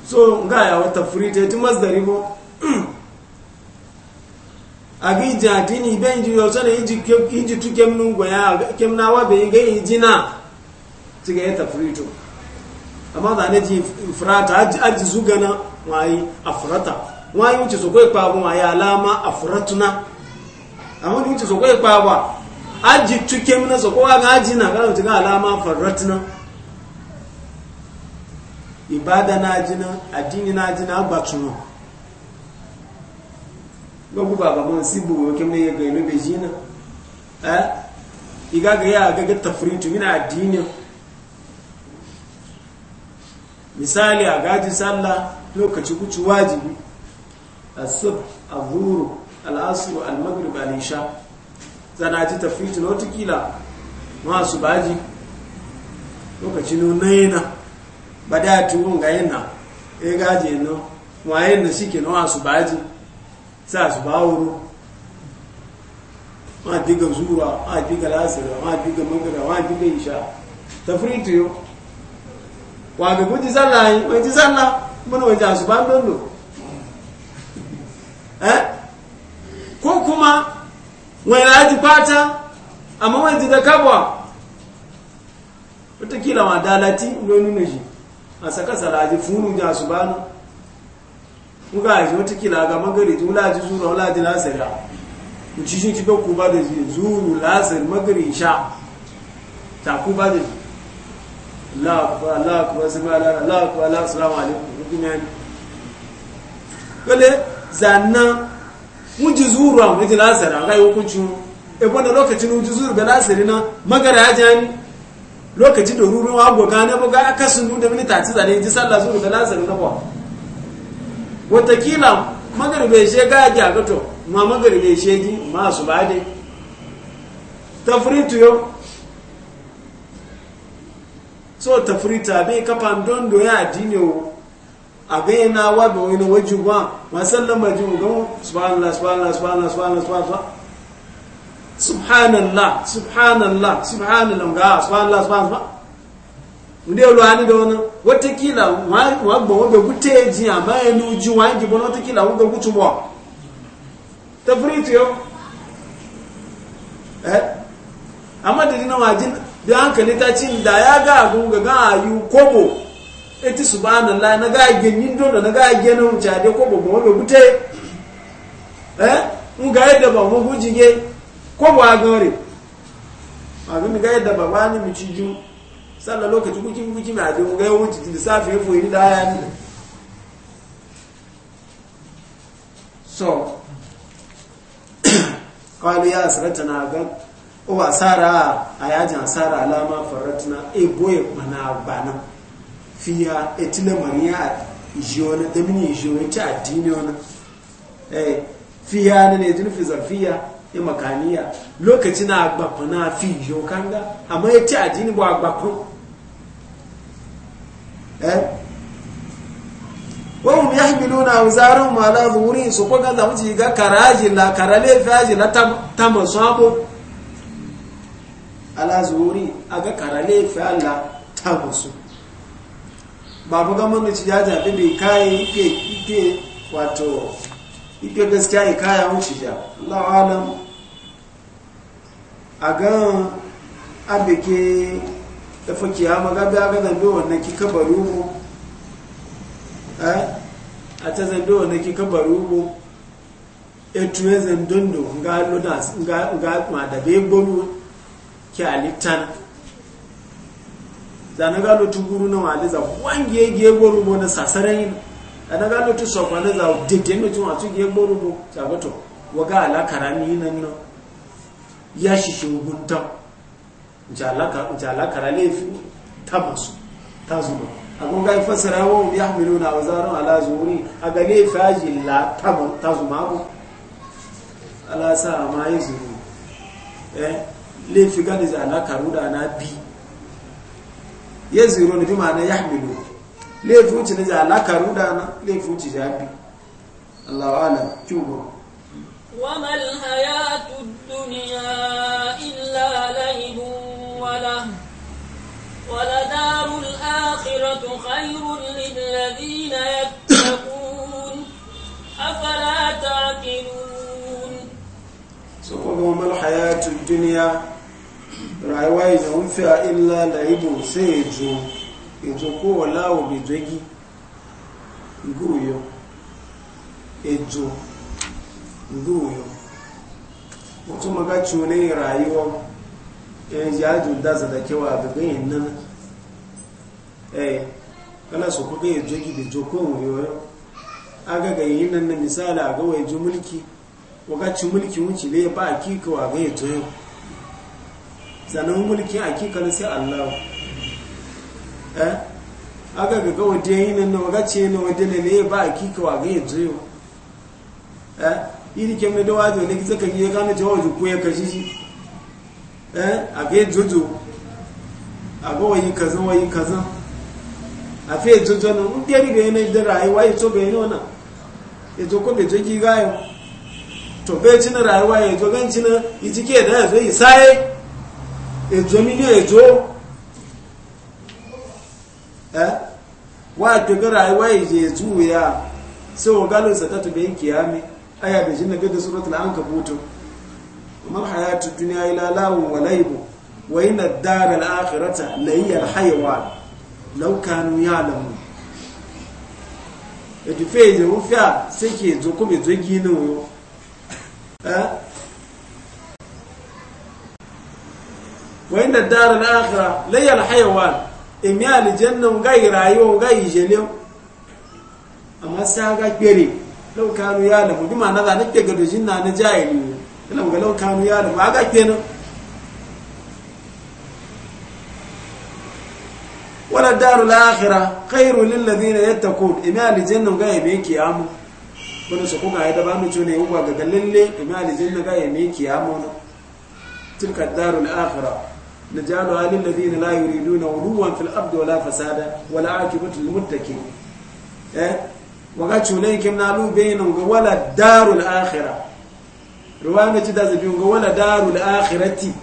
so nga ya yi tafrita ti masdari bo agi jadini benji yo sana inji inji tu kemnu kem na wa be ga injina tiga ya tafritu amma da ne ji ifrata aji zugana wai afrata wọ́n yíò ti sọ̀kọ́ ìpa àwọn àyà aláàmà àfúrátúná àwọn yíò ti sọ̀kọ́ ìpa àwà ájì túnkẹ́ mínà sọ̀kọ́ wà ní náà káàkiri ká aláàmà àfúrátúná ìbádá náà jìnà àdínì náà jìnà àgbàtúnà gbogbo bàbá mọ́ sí gbogbo kẹ́mínà yẹ gẹ̀ẹ́ lóbe jìnà ẹ́ ìgágẹ́ yà gẹ́gẹ́ tafuritu mínà àdínì misali a gaji sallah lokaci kuci wajibi الصبح الظهر العصر المغرب العشاء zana ji tafitin notikila masu baji lokacin na yana ba da tuwon ga yana e gaje na wayan da shike na masu baji sa su ba ma diga zuwa ma diga lasira ma diga magana ma diga isha tafitin yau wa ga guji zalla yi wajen zalla mana wajen su ba dondo Eh? ko kuma wani laji fata amma wani ji da kabwa watakila ma dalati lonu na shi a saka salaji funu ja su bana muka ji watakila ga magari ji laji zura laji lasari mu ci shi kibe ku ba da zuwa lasari magari sha ta ku ba da la ku la ku ba su ba ku ba salamu alaikum zanna wuji zuru a wuji lasari a gai hukuncin ebo na e, lokacin wuji zuru da lasari na magara ya jani lokacin da rurin wa goga na buga aka sun da minita ci zane ji sallah zuru da lasari na ba watakila bai she ga ya gato ma bai she ji ma su ba dai tafritu yau so tafrita bai kafa don doya addini wo abe na wa be wani waji wa ma sallan ma jimu subhanallah subhanallah subhanallah subhanallah subhanallah subhanallah subhanallah subhanallah ga subhanallah subhanallah nde lo ani do na wata kila wa wa gbo be guteji ama enu ju wa ji bo wata kila wo be gutumo tafritu yo eh amma dina wajin bi hankali ta cin da ya ga gunga ga ayu kobo eti subhanallah na ga ge nyin do na ga ge no cha de ko bo mo gute eh un ga yadda ba mo bujige ko bo agore abin ga yadda ba ba ni miciju sallah lokaci kuki kuki ma de ga yawon ci da safi fo yi da ya ni so qalu ya asratana ga o asara ayajin asara alama faratna e boye mana bana fiya etina mariya jiyona da mini jiyona ta addini ona eh fiya ne ne tun fi zarfiya ya e makaniya lokaci na agbapa na fi jiyo kanga amma ya ta addini ba agbapa eh wọ́n yá ìbìlú na ala ma aláàbò orí ìsopọ̀ kan tàbí ti ga kàráàjì la kàrálé fẹ́àjì la tamọ̀ sún ápò aláàzò orí aga kàrálé fẹ́àlá tamọ̀ sún babu gwamnati ya zaɓi da kayan ike ike wato ike gaskiya ya kaya wuce ja lawalan a gan abike da fakiya magabi ga zambi wannan ki kabaru mu a ta zambi wannan ki kabaru mu etu ya zandondo ga lunas ga ma da bebonu ki alitan zanaga lotu guru na wale za wange gego rubo na sasarai zanaga lotu sokwane za dede no tun atu gego rubo sabato waga ala karami nan no ya shishe gunta jalaka jalaka rale fi tabasu tazuba agon ga fasara wa yahmiluna wazaran ala zuri aga le faji la tabu tazuma ko ala sa ma zuri eh le fi gani za ala karuda na bi ya ziro na bima na yahmilu laifin ci na ji alaka ruda na laifin ci ja Allah wa ala kyugo wa mal hayatu dunya illa laibun wala wala darul akhiratu khairun lil ladina yattaqun afala taqilun so kuma mal hayatu dunya rayuwa idan fi a illa da ibo sai ya zo ya zo ko wala wa bai zogi nguyo maga cune rayuwa yan ji ajin daza da kewa ga ganyen nan eh kana so kuka ya zogi bai zo ko wuyo aga ga yi nan na misali a ga waje mulki wakacin mulki wuce ne ba a kika ga ya yau zanen mulkin hakikalin sai Allah eh aga ga waje yi nan na waga na na ne ba hakika wa ga yanzu yau eh iri kem na dawa zo ne ki saka ki jawo ya kashi shi eh a ga jojo a ga wayi kaza wayi kaza a fe jojo na mu deri ga yana da rayuwa ya to ga yana wannan ya to ko be jogi ga to be cin rayuwa ya to gan cin yi cike da ètò mi ní ètò ẹ́ wá àtẹ́gọ́rọ̀ àìwá ìjẹ ètò ya sai wa galo bai kiyami aya da jinna ga suratul ankabut mal hayatu dunya ila lawu wa laybu wa inna ad-dara al-akhirata la hiya al-hayawan law kanu ya'lamun e ti fe je wo fa ke zo ko be gina eh wa inda dar al-akhirah la yal hayawan in ya aljanna ngai rayuwa ngai jelew amma sai ga kere law kanu ya lafu bi ma na da nake ga dojin na na jahili law ga law kanu ya lafu ga kenan wala dar al-akhirah khairu lil ladina yattaqun in ya aljanna ngai be kiyamu wani su kuka ya daba mutu ne uwa ga lalle in ya aljanna ngai be kiyamu tilka darul akhirah نجعلها للذين لا يريدون علوا في الارض ولا فسادا ولا عاقبه للمتقين eh waga cunai kim na lubena ga wala darul akhirah ruwa ne ci da zabi ga wala darul akhirati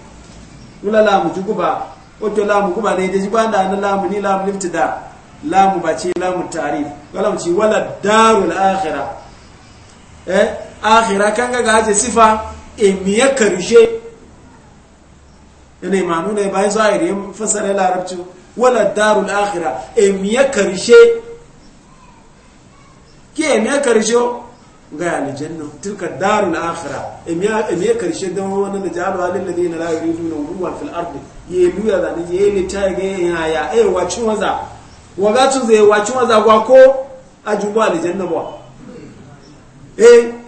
wala la mu guba wato la mu guba ne da ji banda na la mu ni la mu liftida la mu bace la mu tarif wala mu ci wala darul akhirah eh akhirah kan ga gaje sifa e miya karshe yana imanu ne bayan zahiri ya fasara larabci wala darul akhira emiya eh, karshe ke emiya karshe ga aljanna tilka daru akhira emiya eh, emiya eh, karshe don wani da jalu halin ladina la yuriduna ruwa fil ardi ye luya da ne ye ta ga haya a yi wacin waza waga zai wacin waza gwa ko ajuba aljanna ba eh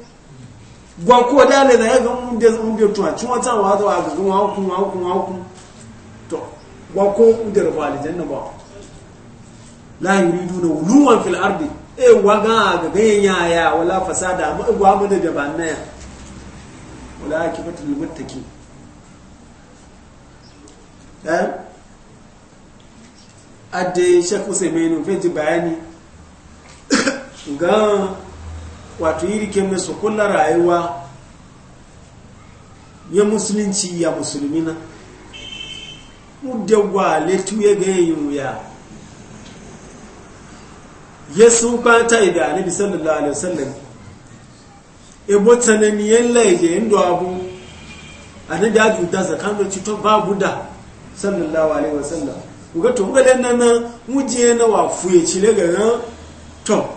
gwa ko dale da ya ga mun da mun da tuwa cin wata wa zuwa ga kuma hukun hukun hukun to gwa ko da wali janna ba la yuriduna uluwan fil ardi e waga ga ganyen yaya wala fasada ma e gwa mu da gaban naya wala akibatul muttaqin eh ade shekhu semenu fenti bayani ga wato yi rike mai su kula rayuwa ya musulunci ya musulmi na mudagwa letu ya ga yi wuya ya sun kwanta ida anabi sallallahu alaihi wasallam ebo tsananiyan laije yin da abu anabi ya juta zakanar cutar babu da sallallahu alaihi wasallam kuga to kuga dan nan muje na wafu ya cile ga to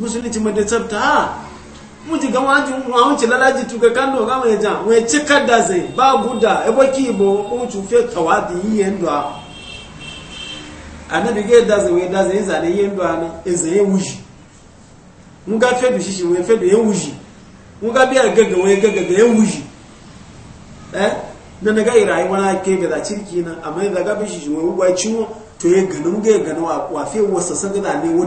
musulunci mai ah. e e da tsabta mu ji ga wani wani ci lalaji tuka kando ga mai jan wai cika da zai ba guda ebo ki bo fe cufe tawadi yi yendo a annabi ga da zai wai da zai zane yendo a nan e zai e wuji mu ga fedu shi shi wai fedu yan wuji mu ga biya gaga wai gaga ga yan wuji eh na na ga irai wani ke ga da cirki na amma da ga bishi shi wai wai ciwo to ya ganin ga ganin wa fe wasa sanga da ne wa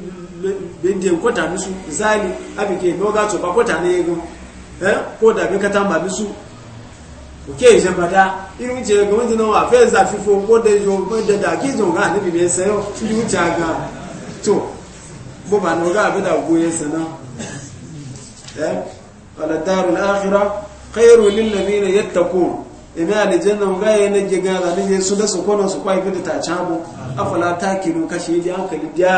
bindiyan kota misu misali abike noga ba kota ne yagun eh, ko da bin katamba misu oke iṣẹ́ bàdá da ń ṣe ẹgbẹ̀ wọ́n ti náà wà fẹ́ẹ̀ ṣàfihàn owó dẹjọ dẹdà kí ìjọba níbi ilẹ̀ ẹsẹ̀ yọ irú ń ṣe àga tó bó bá ní ọgá àbẹ́dà gbogbo ẹsẹ̀ náà ẹ ọ̀làdàrú láàkírá kẹrù nílẹ̀ ní ilẹ̀ yẹ tako èmi àlejò náà ọgá yẹn lè jẹgàn àlejò sọdẹ́sọkọ́ náà sọpá ìpínlẹ̀ tàchábọ̀ afọlá táàkiri kaṣe ilé ànkàlì díà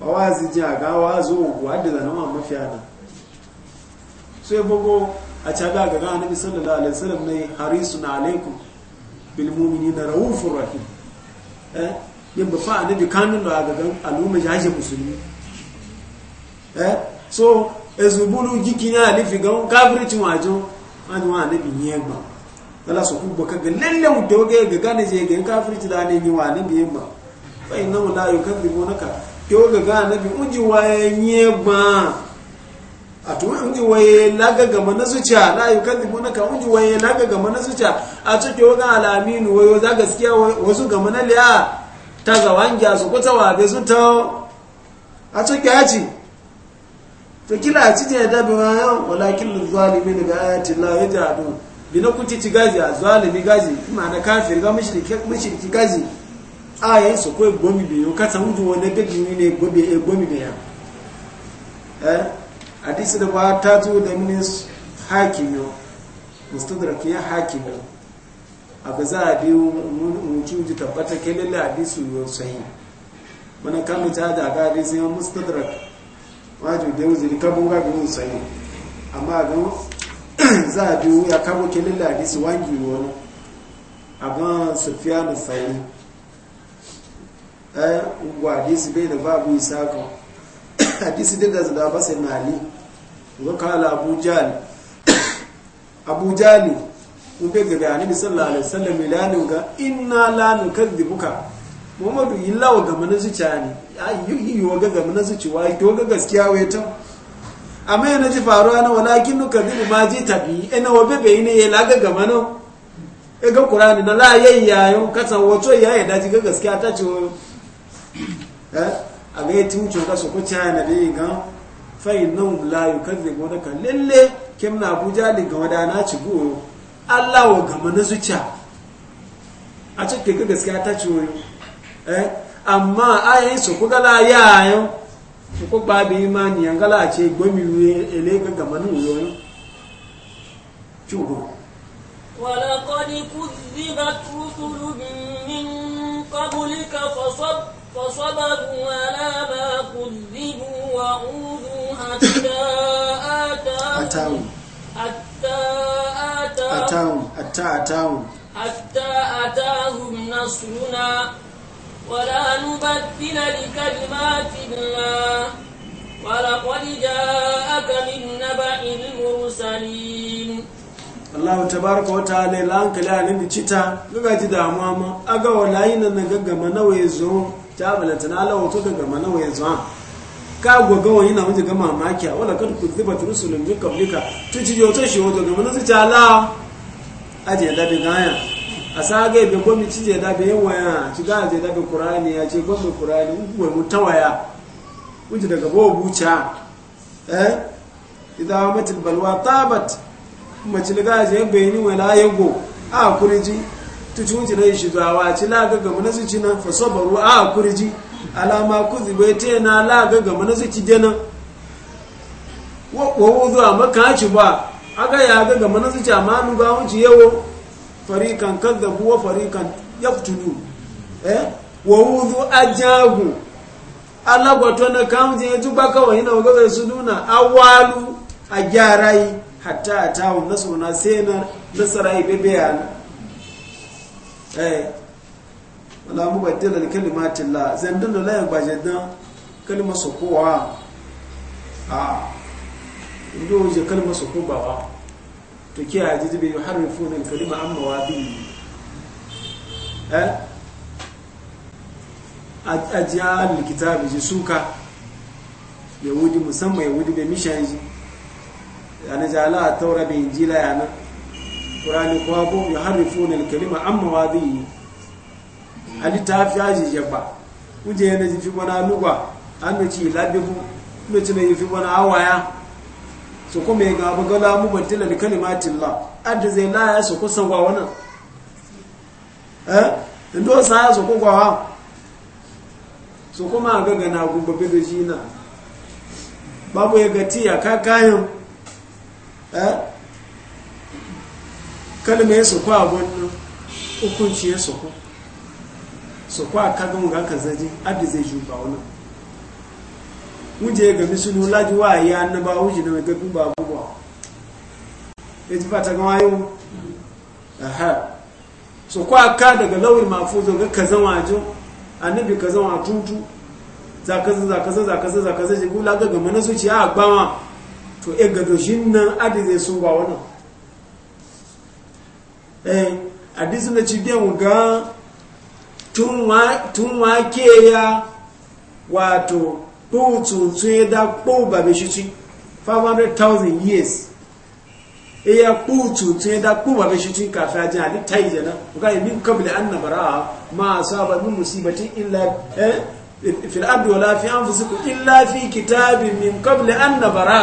ba wa zijin a gawa zo wadda da nama mafiya nan so ya bugo a cada ga ga annabi sallallahu alaihi wasallam ne na alaikum bil na raufur rahim eh yin ba fa annabi kanun da ga gan al'umma jaje musulmi eh so ezubulu jikina alifi gan kafircin wajo an wa annabi yemma kala su kubba ga lalle mu doge ga gane je ga kafirci da ne ni wa annabi yemma fa innahu la yukadzibunaka yau ga ga nabi unji waye nye gba a tu unji waye laga gama na zuciya na yi kan dubu na ka unji waye laga gama na zuciya a cikin yau ga alaminu wayo za gaskiya wasu gama na liya ta gya su kuta wabe su ta a cikin yaci to kila a cikin yadda bi wa yau walakin zalimi daga ayati la ya jadu bi na kuci ci gaji a zalimi gaji ma na kafir ga mushriki gaji aya ah, so ko egbomi ya o kata wudu won ne beji na egbobi ya eh da ba ta zo da mustadrak ya hakim aga za a tabbata ke lalle hadisi yo mana kan ta da mustadrak waju da wuzi ka bunga amma ga za a bi ya kabo ke eh wa hadisi bai da babu isaka hadisi daga da ba sai mali zo kala abu jali abu jali kun bai gaba annabi sallallahu alaihi wasallam ilalu ga inna la nukadhibuka muhammadu yillawa ga mana zuciya ne yi wa ga ga mana zuciya to ga gaskiya wai ta amma yana ji faruwa na walakin nukadhibu ma ji tabi ina wa bebe ne ya laga ga mana e ga qur'ani na la yayyayo kasan wato ya ya daji ga gaskiya ta ce Eh? a ga yi tun coka su kuce na da yi gan fayin nan layu kan zai gwada kan lalle kim na abuja ne ga wadana ci goyo allah wa gama na zuciya a cikin ga gaskiya ta ci wani eh? amma ayin su kuka ya yau su ku ba bi imani yan gala ce gomi wuye ele ga gama nan yoyo ci goyo ولقد كذبت رسل من قبلك فصدقوا فصبروا على ما كذبوا وعودوا حتى آتاهم حتى آتاهم حتى آتاهم حتى آتاهم نصرنا ولا نبدل لكلمات الله ولقد جاءك من نبأ المرسلين Allah tabaraka wa ta'ala la hankali a nan dicita cita ga ji damuwa ma aga wala yin nan gaggama nawa yazo ta balanta na Allah to daga manan yanzu ha ka goga wani na wuce gama makiya wala kad kuziba rusulun min qablika to ci yoto shi wato ga manan su ta ala aje da bi gaya a saga be gomi ci je da be waya ci ga je da be qur'ani ya ce gomi qur'ani uwe mutawaya wuce daga bo buca eh idan matil balwa tabat mace da gaje bayani wala yago a kuriji tucunci na shi zuwa ci laga gaga mana su ci nan fa sabaru a kurji alama ku bai te na la gama na su ci denan wa wuzu a makaci ba aga ya ga mana su ci amma nu ga wuci yawo farikan kadzabu wa farikan yaftulu eh wa wuzu ajagu alagwato na kamji ya ba kawai na gaga su nuna awalu a gyarai hatta a tawon nasuna sai na nasara ibe yana. eh wala mu baddala kalimatin la zan dun da laye ba jaddan kalma sokowa a indo je kalma sokowa ba to ke eh, a jiji bai yuharrifuna kalima amma wa bi eh ajiya likitabi ji suka yahudi musamman yahudi bai mishan ji yana jala a taura bai injila yana qur'ani kuwa ko yuharrifuna al-kalima amma yi ali ta fi aji jabba kuje yana ji wani lugwa an ci bu kuma ci yi fi bana awaya su kuma ya gaba gala mu bantila li kalimatin la da zai laya su so ko san wa wannan eh ndo sa ya su ko wa su kuma ga gana gumbabe da na babu ya gati ya kakayin eh kalma ya soko a hukunci ya soko soko a kagan ga kazaji abu zai ba wani wuje ga misulu laji wa ya annaba wuje na ga duba abubuwa ya ji fata ga wayo aha soko ka daga mafi mafuzo ga kazan wajo annabi kaza wa tutu zakaza zakaza zakaza zakaza ji ga ga mana zuciya a gbawa to e gado shin nan adi zai so ba wannan A eh, hadisi na cibiyan ga tun wake ya wato kpọ̀tùtù ẹ̀dá kpọ̀ bàbẹ̀ ṣiṣi 500,000 years iya kpọ̀tùtù ẹ̀dá kpọ̀ bàbẹ̀ ṣiṣi a ajá ní taìjẹ̀ náà ọgá ìbí kọbìlẹ̀ annabara máa sábà ní musibati ilẹ̀ fi al'adu wala fi an fusiku illa fi kitabi min kọbìlẹ̀ annabara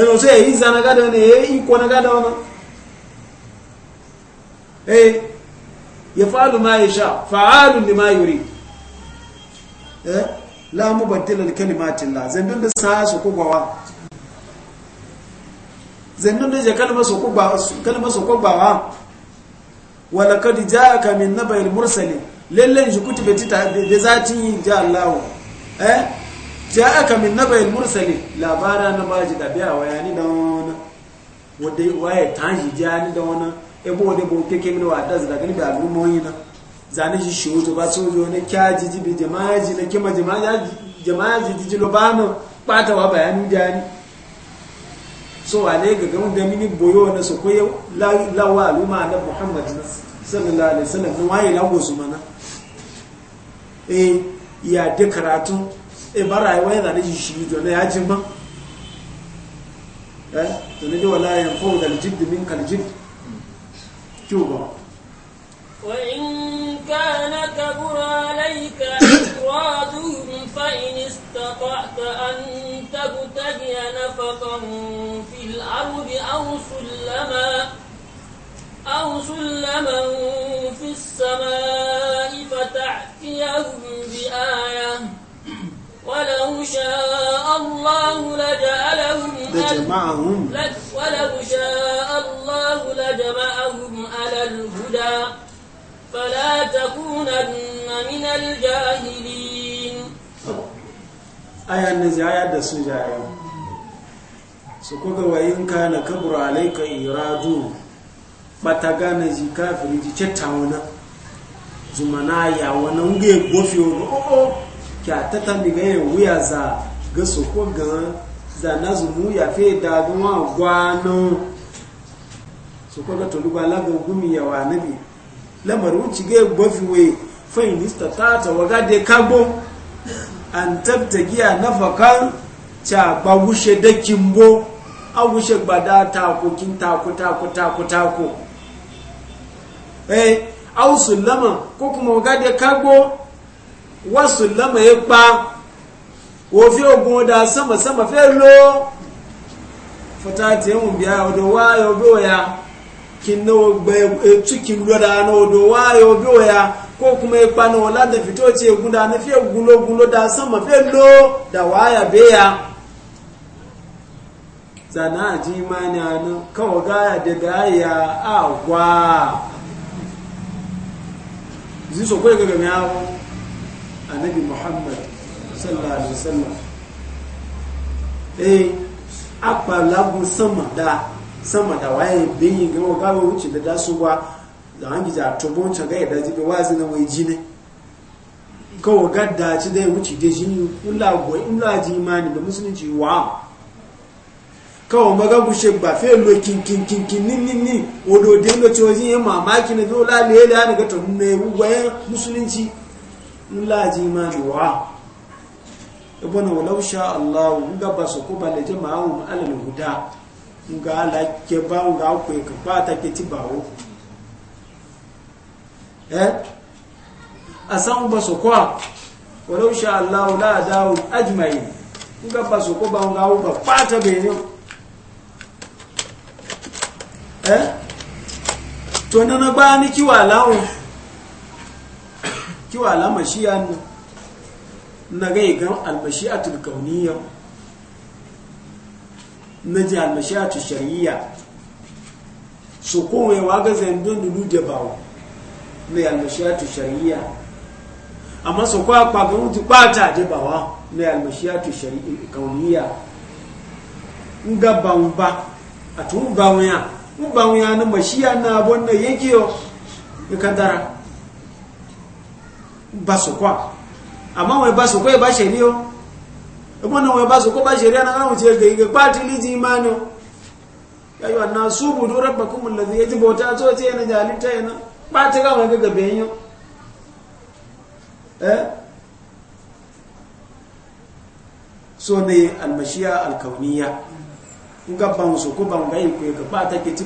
ẹnu tí èyí zanagádọ́ ni èyí ìkọnagádọ́ ọ̀nà èyí yẹ fàálù máa yẹ ṣá fàálù ni máa yìí rí ẹ́ láàmú bàtílẹ̀ kẹlìmátìlá zẹ̀ndún da sáà su kúgbà wa zẹ̀ndún gbà wá walakadi ja kamin na nabayar mursali lallen shi kutu betita yi ja aka min nabayin mursali labara na baji da biya waya ni da wani wadda waye tanji jani da wani ebo wadda bo keke min wa da da gani da al'ummoyi na zane shi shi wuto ba sojo ne kya jiji bi jama'a ji na kima jama'a ji jiji lo ba mu bata wa bayanin jani so ale ga gamu da mini boyo na so koyo lawa al'umma na muhammad sallallahu alaihi wasallam waye lawo su mana eh ya de karatu e bara ya waya shi shi to ne ya ji ma eh to ne wala ya fa'u dal jidd min kal jidd cuba wa in kana kabura alayka iraduhum fa in istata'ta an tabtagiya nafaqan fil ardi aw sullama أو سلما في السماء bi بآية ولو شاء الله لجعلهم لجمعهم ولو شاء الله لجمعهم على الهدى فلا تكونن من الجاهلين aya ne zaya da su jaya كان كبر عليك ka na kabura alaika iradu bata gane ji kafiri ji cettawana zumana ya wani nge gofi o oh, oh. kya ta ta mi ga wuya za ga so ko ga za na zu mu ya fe da ga wa gwano so ko ga to lu ba la ga gumi ya wa nabi lamar wuci ga gbofi we fa in istatata wa ga de kagbo an tabtagiya nafakan cha ba wushe da kimbo a wushe ta ko kin ta ko ta ko eh au sulama ko kuma wa ga de kagbo wasu lama ya pa wofi ogun da sama sama fe lo ti ehun biya odo wa yo bi oya etu e kin lo da na odo wa yo ko kuma ya pa na da ti egun da na fe ogun ogun da sama fe da wa be ya zana ji imani anu kawo gaya daga ya agwa ziso kwe gaga mi awon annabi muhammad sallallahu alaihi wasallam eh akpalagun sama da sama da waye bayin ga gawo wuce da dasu ba da an gija tobon ta ga da jibe wazi na wai jine ko gadda ci da wuce da jini illa go illa ji imani da musulunci wa kawo maga gushe ba fe lo kin kin kin kin nin nin nin odo de lo choji mamaki ne zo la le le an ga to ne waye musulunci nlaji ma juwa ibn walau sha Allah ga basu ko bale jama'u alal huda nga ala ke ba ga ko ka ba ta ke ti bawo eh asan basu ko walau sha Allah la dawo ajmai ga basu ko ba ga ko ba ta be ne eh to nana ba ni kiwa lawo kiwa la mashiya na ga igan almashi'atul kauniyar, na ji almashi'atul shari'a, su kome wa ga zandun dulu da bawo na almashi'atul shari'a, amma su kwa kwa ga mutu bata da bawa na almashi'atul shar'iyya kauniyya nga ba, atun bawya mun bawya na mashiya na bonna yake yo kadara basokwa àmọ́ àwọn ẹbá sọ̀kọ́ ẹbá ṣe ní ọ́ ẹgbọ́n àwọn ẹbá sọ̀kọ́ bá ṣe rí anáwọ̀ tí ẹgbẹ̀ ìgbẹ̀ pàtí lè jí máa ní ọ́ yàyọ̀ náà ṣúbù tó rẹ̀pàkùnmù lẹ́dí ẹjí bọ̀tá tó tí ẹni jà lítẹ́ ẹ̀nà pàtí káwọn ẹgbẹ̀ bẹ̀yàn so ne ban ko ban ka ke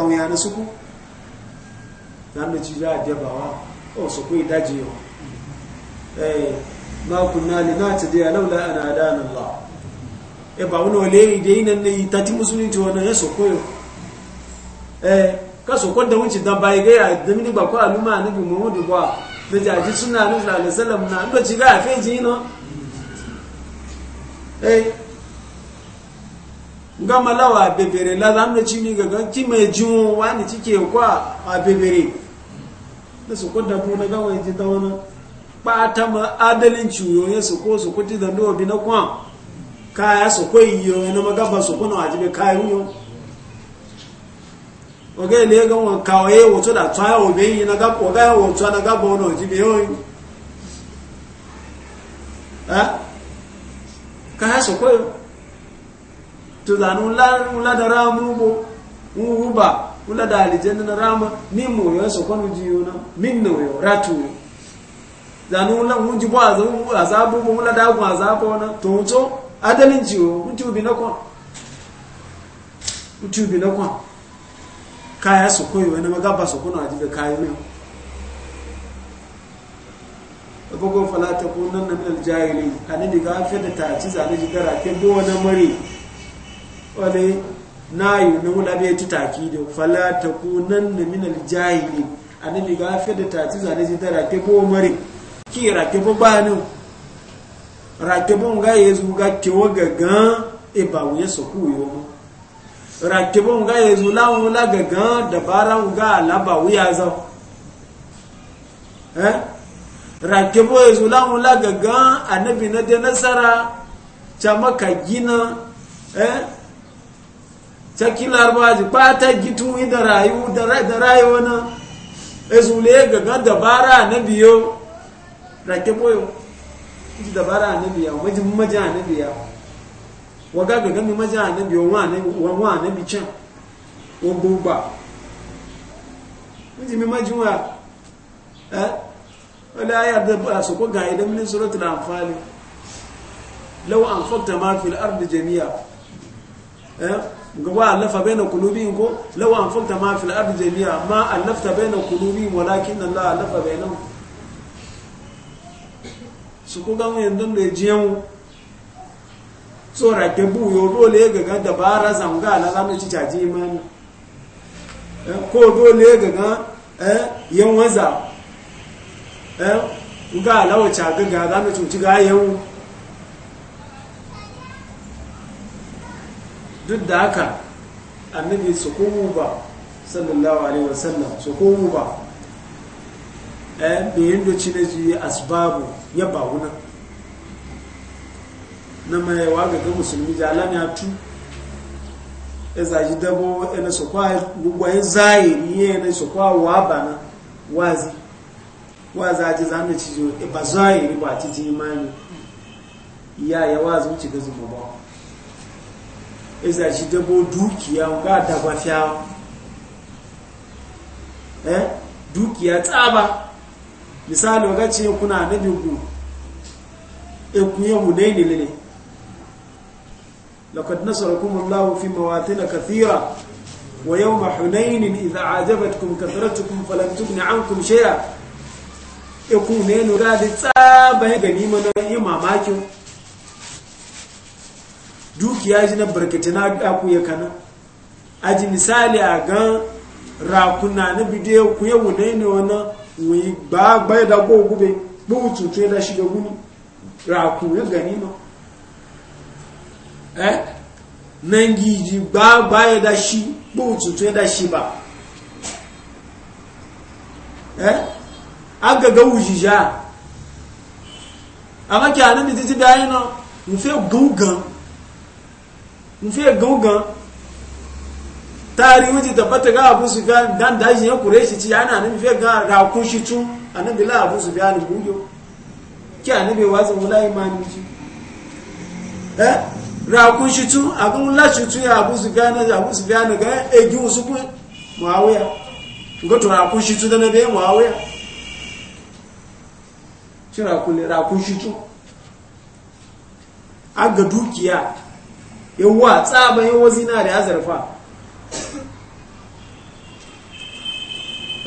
ban ya na suku da o su ku daji yau eh ma kunna li natadiya laula ana adana Allah e ba wani wale da nan ne ta ti musulunci na ya soko yo eh ka soko da wuce da bai ga ya da mini ba ko aluma annabi Muhammadu ba da jaji suna nan sallallahu alaihi wasallam na do ci ga fe ji no eh ga malawa bebere la ci ga ga ki wani kwa bebere da su kudda bu na gawai ji ta wani ba ta ma adalin ciwo ya su ko su kuti da nobi na kwan kaya su ko yiyo na magaba su kuna wajibi kayan yiyo oge ne ga wọn kawai wato da tsaye obe yi na gaba oga ya wato na gaba wani wajibi yawon yi kaya su ko yiyo to zanu ladara mubo wuba kula da alijanna na rama ni mu yo so kwanu ji yo min no yo ratu zanu la mun ji ba zan azabu mun la da ku azabu na to to adalin ji yo mutu bi na kwa mutu bi na kwa kaya so koyo na magaba so kono ajibe kaya ne abogo fala ta kunan na minal jahili anani ga fa da ta ci ji gara ke do mari na yi na wula bai ci taki da fala ta kunan da minal jahili a annabi ga fi da taci zane ji ta rake ko mare ki rake ba banin rake bon ga ya zo ga kewa gagan e ba wuya su kuyo mu rake bon ga ya zu la wula gagan da baran ga la ba wuya za eh rake bo ya zu la wula annabi na da nasara ta maka gina eh cikin larabaji ba gitu da rayu da rayuwa na ezule ga dabara na biyo ke boyo ji dabara na biya wajen maja na biya waga gaga mi maja na biyo wa na bi can wogbo ba mijin mi maji wa eh wani ayar da su ko ga idan mini suratul amfani lau an fakta ma fil ardi jami'a eh gaba allafa baina qulubihim ko lawa anfaqta ma fil ardi jami'a ma allafta baina kulubi walakin Allah allafa nan su ko ga mun don da jiyan tsora ke bu yo dole ga ga dabara zanga na la ci caji imani eh, ko dole ga ga eh yan waza eh ga lawa caga ga za mu ci ga yan duk da haka annabi su komo ba sallallahu alaihi wasallam su komo ba eh bayan da cire ji asbabu ya ba wuna na mai waga ga musulmi jalan ya tu e za ji dabo e na su kwa gugwa ya ni ya na su kwa wa ba na wazi waza ji zamu ci jo e ba zahiri ba ci ji imani ya ya wazi ci ga zuwa ba ezi shi dabo dukiya ga dagwa fiyawa eh dukiya tsaba misali waga ce kuna na biyu ekunye hune ne lile lakad nasara kuma allahu fi mawati na kathira wa yau ma hunayin iza ajabat kuma kasarci kuma falantuk ne an kuma shaya ekunye nura da tsaba ya gani mana yi mamakin dukiya ji na barkace na aku ya kana ji misali a gan rakuna na bidiyo ku yau ne ne wani wuyi ba bai da ko gube bugu tutu ya da guni raku ya gani no eh nan giji ba bai da shi bugu tutu ya da shi ba eh aga ga wujija amma kyanin da titi bayan no mu fe gugan nfe gangan tarihi wuce tabbata ga abu su ga dan daji ya kure shi ci ya na nan gan ga rakun shi tun annabi la abu su ga ni bujo ki annabi wazin wala imani ji eh rakun shi tun agun la shi tun ya abu su ga na abu su ga na ga egi usu ku muawiya ngoto rakun shi tun da na be muawiya shi rakun rakun shi tun aga dukiya tsaba tsaban zina da azarfa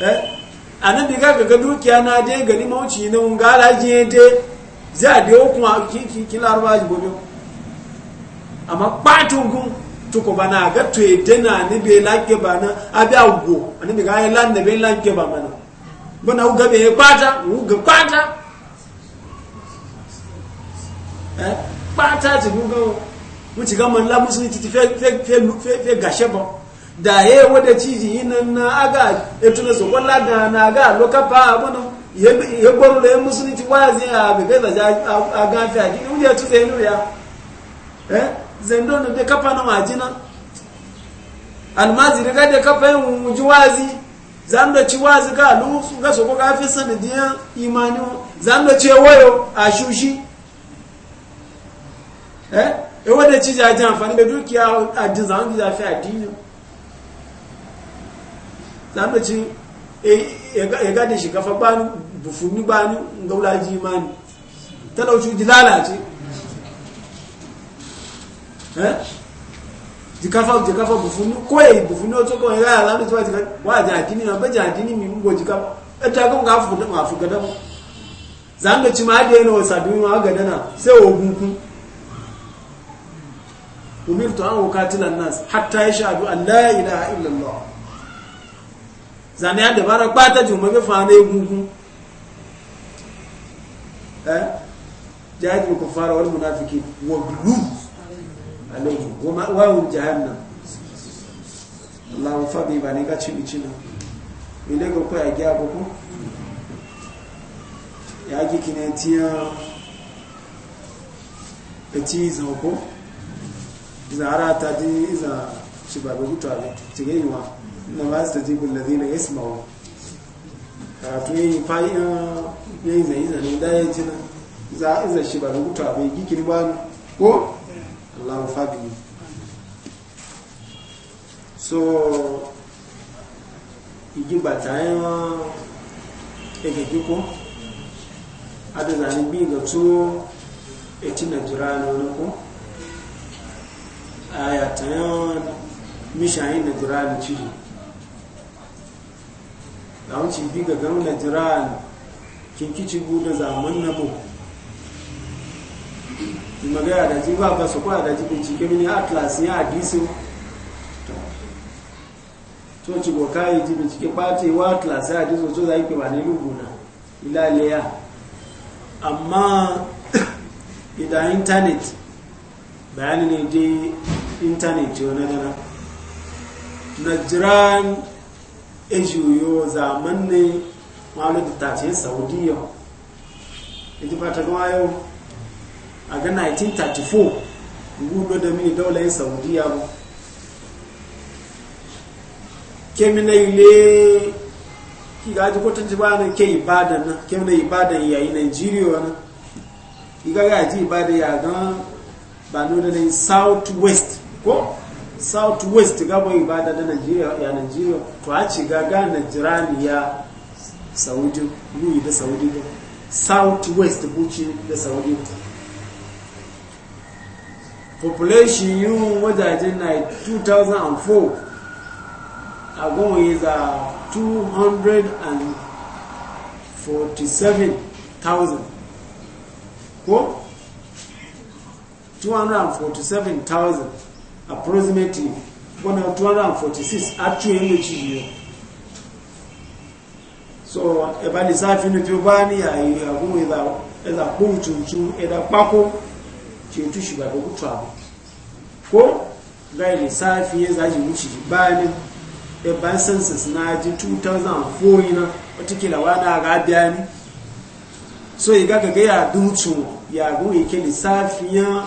eh, a nan diga gaga dukiya na dai gani mawuci na ngala je dai za a biyo kuma kila arba ji gobe amma patun gun tuko ba na ga to dena ni be lagge ba na a nan ani diga ya lan ne be lagge ba mana bana uga be kwata uga kwata eh kwata ji gugo mun ci gaman la musulunci ti fe gashe ba da ye wada ciji yinan na aga etuna so wala da na aga lokapa Ya ye gboro ya musulunci wazi a bebe da a gafi a gini wuje tuta inu ya eh zendo ne kapa na wajina almazi daga da kapa yin wuji wazi zan da ci wazi ga lu ga so ko gafi sanadiyan imani da ce wayo a shushi eh e wadda ci jaji amfani da dukiya a jin zaman ji zafi addini zamu ci ya gadi shi kafa bani bufuni banu gaula ji imani talauci ji lalace eh? jikafa jikafa bufuni ko ya bufuni otu kawai ya zamu ci wa jadini na ba jadini mi mugo jikafa e ta kan ga fu da mu fu gada zamu ci ma da yana wasa duniya ga dana sai wa kun umirtu an uqatila nas hatta yashhadu an la ilaha illa allah zani ade bara kwata jumbe be fana egungun eh ku fara wal munafiki wa glu alayhi wa ma'wahu jahannam allah fa bi bani ka chibi china ile go ko ya ko ya gi kinetia eti zoko iza ta ji iza shi ba bai mutu a cike yi wa na ba su tajibu lazi na ya mawa karatu ya yi fa'i na ya yi zai zane da ya ji na iza iza shi ba bai mutu ne gikin ba ko allah fabi biyu so yi ba ìjìgbà táyé wọn egègé kó adìzàní bi ìgbà tó ètí nàìjíríà ní wani kó aya ta yawan mishayin na jirani ciji da wancin biga gan na jirani kinkici guda zaman na mu magaya da ji ba ba su kwa da ji bincike mini atlas ya adisu to ci go kai ji bincike kwace wa atlas ya adisu to za ke ba ne rubuna ilaliya amma idan internet bayani ne dai intaneti wani dana najiran ejiyoyo zaman ne malu da tace saudiya ita fata gama yau a ga 1934 gudu da mini daulayin saudiya ba kemina ile ki ga ji kwatanci ba na ke ibadan na kemina ibadan yayi nigeria wani ki ga ji ibadan ya gan ba nuna na south west ko south west gabo ibada da nigeria ya nigeria to a ce gaga na jirani ya saudi luyi da saudi da south west buci da saudi population yiwu wajajen na 2004 a goma yi za 247,000 ko 247,000 approximately 246 actually a year so ebali safi ni tubani ya yagumu ila ila kutu tu ila pako chitu shiba ko twabo ko gaili safi ya zaji wuci bani e ban census na ji 2004 ina watakila wada ga biani so iga ga ya dutu ya gumu ke lissafi ya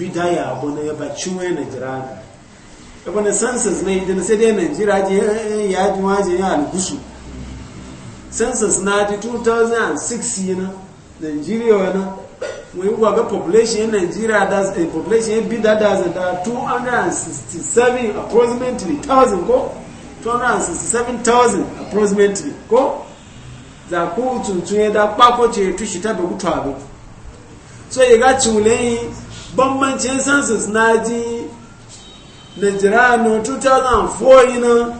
bidaya abu na ya baci wani najira ne abu na census na idan sai dai najira ji eh, eh, ya ji waje ya algusu census na ji 2006 yana nigeria yana wani gwaga population nigeria da a eh, population ya bida das da 267 approximately 1000 ko 267,000 approximately ko za ku tuntun ya da kwakwace tushi ta bai gutu abin so ya ga cin bambancin census na ji nigeriano 2004 na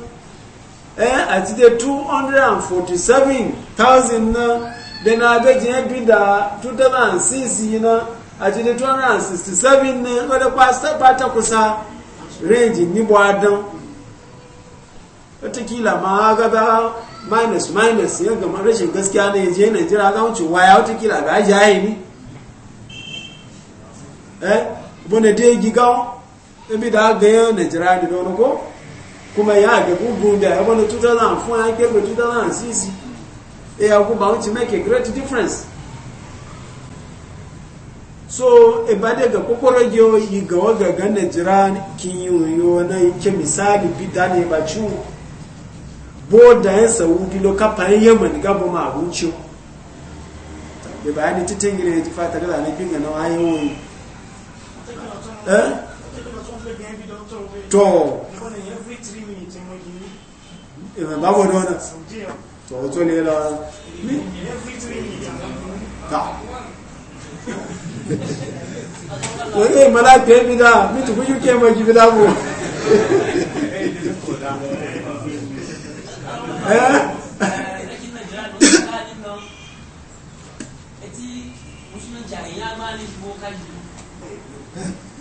eh a jide 247,000 na da na abejin yabi da 2006 na a jide 267 na wadda kwasta kusa range ni bu adam watakila e ma gaba minus minus ya gama rashin gaskiya na ya je nigeria ga wuce waya watakila ga ajiye ne eh bone de giga ebi da ga yan jira ni don ko kuma ya ga gugun da ya bone 2004 an ke 2006 e ya ku ba to make a great difference so e ba de ga kokoro yo yi ga wa ga ga Nigeria kin yi yo na ke misali bidane ba chu boda yan saudi lo kafayen yaman gabo ma abinci da bayani titin gire ya ji fata gaza na kinga na wayoyi eh to ìwọ̀n bábọ̀ ní o tó tó lè lọ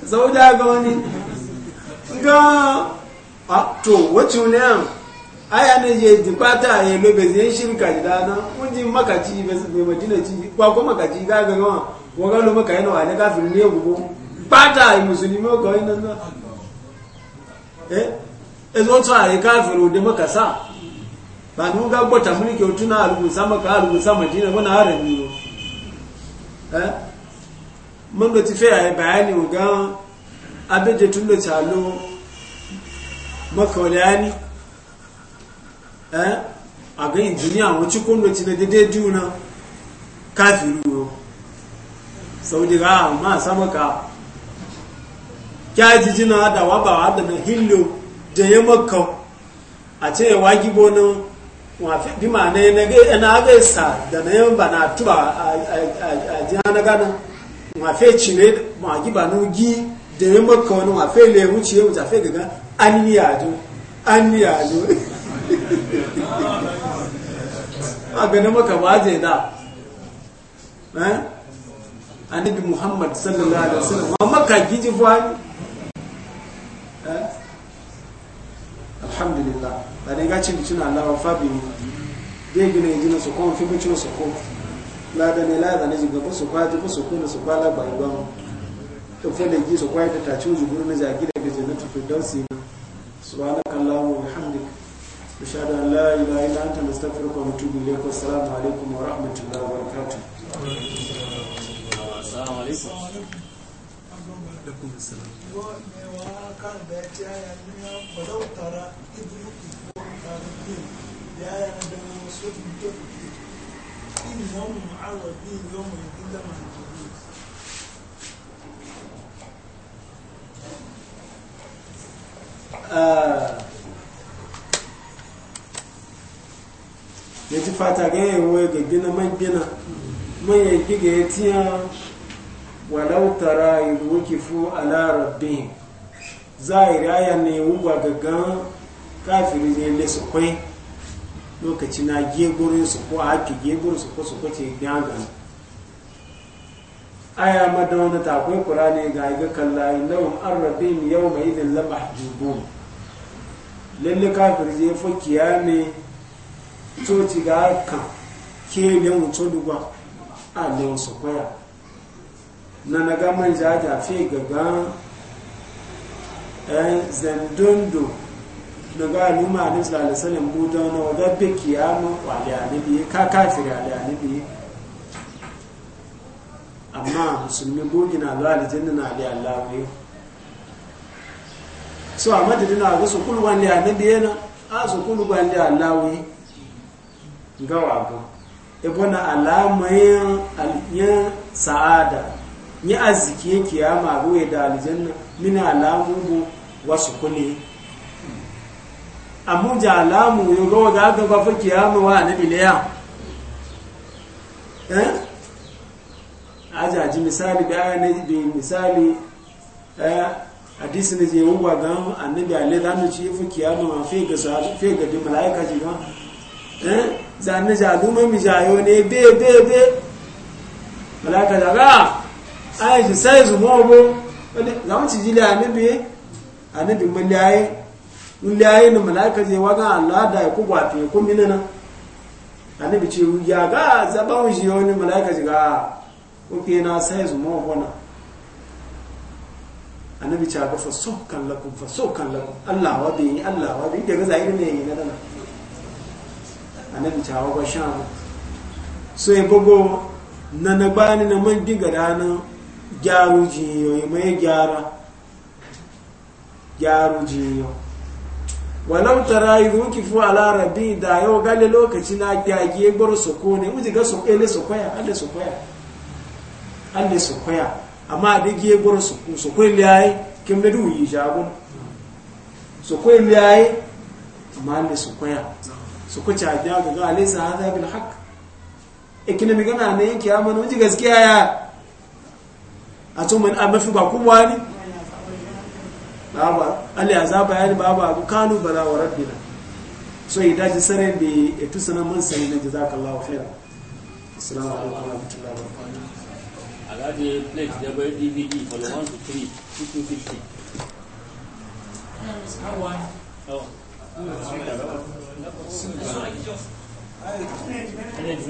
zauda ga wani ga a to wacce ne yan aya ne je dibata ya lobe zai shirka da na kunji makaci bai madina ci ba ko makaci ga ga wa wa lo maka yana wani kafin ne gubo bata yi musulmi ga wani nan eh ezo to yi kafiru da maka sa ba nu ga gbota mulki otuna alugun sama ka alugun sama dina bana harami eh mun da tafiya ya bayani ga abin da tun da calo makaulani a ga injiniya wacce gwamnati na daidai juna kafi ruwa sau da ga ma sama ka kyaji jina da wabawa da na hillo da ya makau a ce ya wagi bonin wafi bi ma na yi na ga isa da na yi ba na tuba a jina na ganin mafe cire ma giba no gi da ya maka wani mafe le wuce ya wuce fe gaga an yi yado an yi yado a gani maka ba zai da eh? annabi muhammad sallallahu alaihi wasallam ma maka giji fa eh? alhamdulillah ba dai ga cin cin Allah wa fabi dai gina gina su kuma fi cin su kuma lada ne lada ne jiga ba su kwaji ba su kuna su kwala ba iwan to fa lagi su kwaji ta tacu zubur na jagi da ga jannatu firdausi na subhanaka allahumma wa bihamdika ashhadu an la ilaha illa anta astaghfiruka wa atubu ilayk wa assalamu alaikum wa rahmatullahi wa barakatuh assalamu alaikum ya yana da wasu إن يوم معوضين يوم إلا من الجلوس ya ci fata ga yawo ga gina man gina man ya giga ya tiya walau tara yukifu ala rabbihim zahiri aya ne wuba gaggan kafiri ne lesu kwai lokaci na gegurin su ko haki gegurin su ko su kwace gangan aya madawna ta akwai qur'ani ga ga kalla innahum arrabim yawma idhin laba mahjubun lalle kafir je fa kiyame to coci ga haka ke ne mu to a le su koya na naga man ta fi gaga eh zandondo ga aluma ne sallallahu alaihi wasallam buda na wada be kiyama wa anabi ka kafiri ali anabi amma musulmi na zuwa aljanna na ali allah so a madadi a ga su kulu wani anabi yana a su kulu wani allah gawa ga e na alamayin yin sa'ada ni arziki kiyama ruwa da mini mina alamu wasu kule Amu amuja alamu yogo ga ga ba fa kiyamu wa annabi leya eh aja ji misali da ne bi misali eh hadisi ne je uwa ga annabi ale da mu ci fa kiyamu ma fe ga sa fe ga da malaika ji ga eh zanne ja dume mi jayo ne be be be malaika da ga ai ji sai zuwa bo zamu ci jile annabi annabi mun yayi lulli malaka zai malaika je waga Allah da ku gwafe ku minana annabi ce ya ga zaban shi wani malaika ji ga kuke na sai su mu bona annabi ce ga fa sokkan lakum fa sokkan lakum Allah wa bi Allah wa bi daga zai ne yi dana annabi ce ga sha so e bogo na na bani na man diga dana gyaru jiyo mai gyara gyaru jiyo walau tara idhu kifu ala rabbi da yau gane lokaci na gyage gbar su ko ne uji ga su ele soko ya alle soko ya alle su kwaya amma da gye gbar su soko ele ai kim da duyi jago soko ele ai amma alle kwaya su soko a ga ga ale sa hada bil haka ikina e mai gana ne yake amma uji gaskiya ya a to mafi amma fi ba kuma ni baba ali azaba yani baba abu kanu bala wa rabbina so ida ji sare bi etu sanan mun sai ne jazakallahu khair assalamu alaikum wa rahmatullahi wa barakatuh alade plate da bai dvd for 1 to 3 how one oh